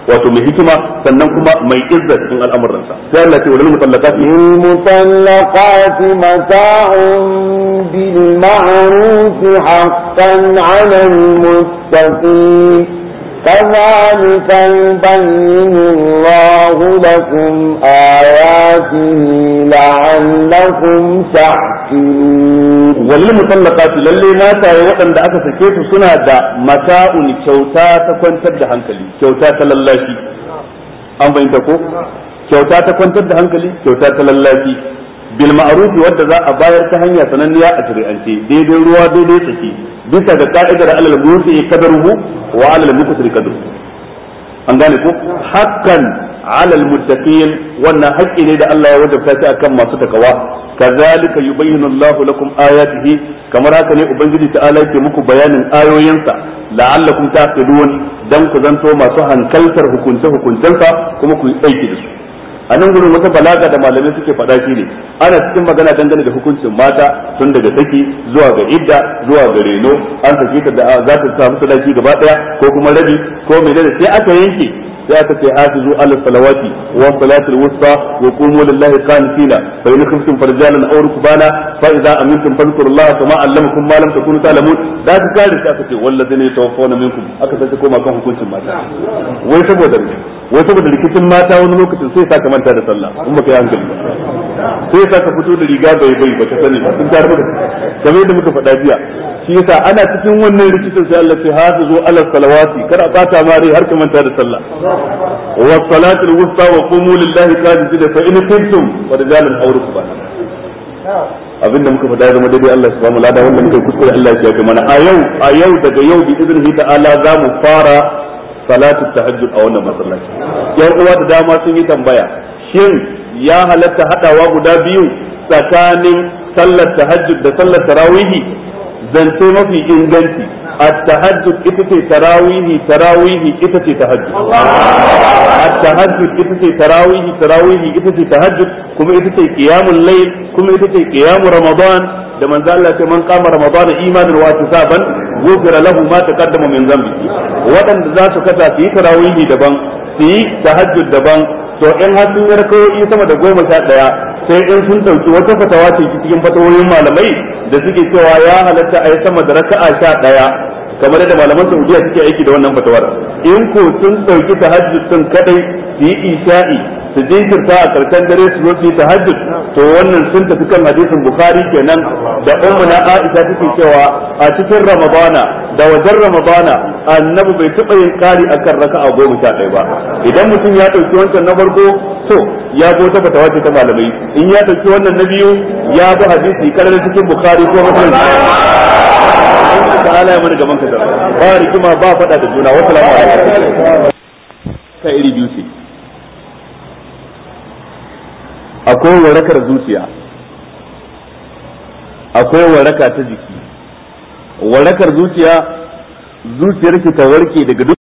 [SPEAKER 1] wato mai hikima sannan kuma mai izza cikin sa sai Allah ce walil mutallaqati lil mutallaqati
[SPEAKER 2] mata'un bil ma'ruf haqqan 'ala al muttaqin كذلك يبين الله لكم آياته لعلكم
[SPEAKER 1] تعقلون وللمطلقات للي ما تاي وقن دا aka sake su suna da mata'un kyauta ta kwantar da hankali kyauta ta lallashi an bayyana ko kyauta ta kwantar da hankali kyauta ta lallashi bil ma'ruf wanda za a bayar ta hanya sananniya a shari'ance daidai ruwa daidai tsaki bisa ga ka'idar alal musi kadaruhu wa alal muqtir kadaruhu an gane ko hakkan alal muttaqin wannan haƙƙi ne da Allah ya wajabta shi akan masu takawa kazalika yubayyinu Allahu lakum ayatihi kamar haka ne ubangiji ta yake muku bayanin ayoyinsa la'allakum taqilun dan ku zanto masu hankaltar hukunce hukuncensa kuma kuyi aiki da su a nan gurin wata balaga da malamai suke faɗa shi ne ana cikin magana dangane da hukuncin mata tun daga saki zuwa ga idda zuwa ga reno an sake ta da za ta samu sadaki gaba daya ko kuma rabi ko menene sai aka yanke sai aka ce hafizu ala salawati wa salatul wusta wa qumu lillahi qanitina fa in khiftum farjalan aw rukbana fa idza amintum fadhkurullaha kama allamakum ma lam takunu ta'lamun da ta kare sai aka ce wallazina yatawaffawna minkum aka sace koma kan hukuncin mata wai saboda wai saboda rikicin mata wani lokacin sai sa ka manta da sallah in baka yi hankali sai sa ka fito da riga bai bai ba baka sani ba sun da kamar yadda muka faɗa jiya shi yasa ana cikin wannan rikicin sai Allah sai hazu zo ala salawati kar a bata mare har ka manta da sallah wa salatul wusta wa qumu lillahi qanitina fa in kuntum rijalun jalan awrukum abinda muka faɗa zama daidai Allah ya bamu lada wanda muka kuskure Allah ya kai mana a yau a yau daga yau bi iznihi ta'ala za mu fara salatu tahajjud a wannan masallaci yan uwa da dama sun yi tambaya shin ya halatta hadawa guda biyu tsakanin sallar tahajjud da sallar tarawihi zance mafi inganci at-tahajjud ita ce tarawihi tarawihi ita ce tahajjud at-tahajjud ita ce tarawihi tarawihi ita ce tahajjud kuma ita ce qiyamul layl kuma ita ce qiyamu ramadan da manzo Allah ce man qama ramadan imanan wa tisaban ghufira lahu ma taqaddama min dhanbi wadanda za su kasa su yi tarawih daban su yi tahajjud daban to in har sun yarkoyi sama da goma sha daya sai in sun dauki wata fatawa ce cikin fatawoyin malamai da suke cewa ya halatta a yi sama da raka'a sha daya kamar da malaman Saudiya suke aiki da wannan fatawar in ko sun dauki tahajjud sun kadai su yi isha'i su jinkirta a karshen dare su zo su tahajjud to wannan sun tafi kan hadisin bukhari kenan da ummu na aisha take cewa a cikin ramadana da wajen ramadana annabi bai taba yin kari akan raka'a goma sha ɗaya ba idan mutum ya ɗauki wancan na farko to ya zo ta wace ta malamai in ya ɗauki wannan na biyu ya bi hadisi karar cikin bukhari ko muslim ta'ala ya mana gaban ka ba rigima ba faɗa da juna wasu alaikum ka iri biyu akwai warakar zuciya akwai waraka ta jiki warakar zuciya zuciyar ki ta warke daga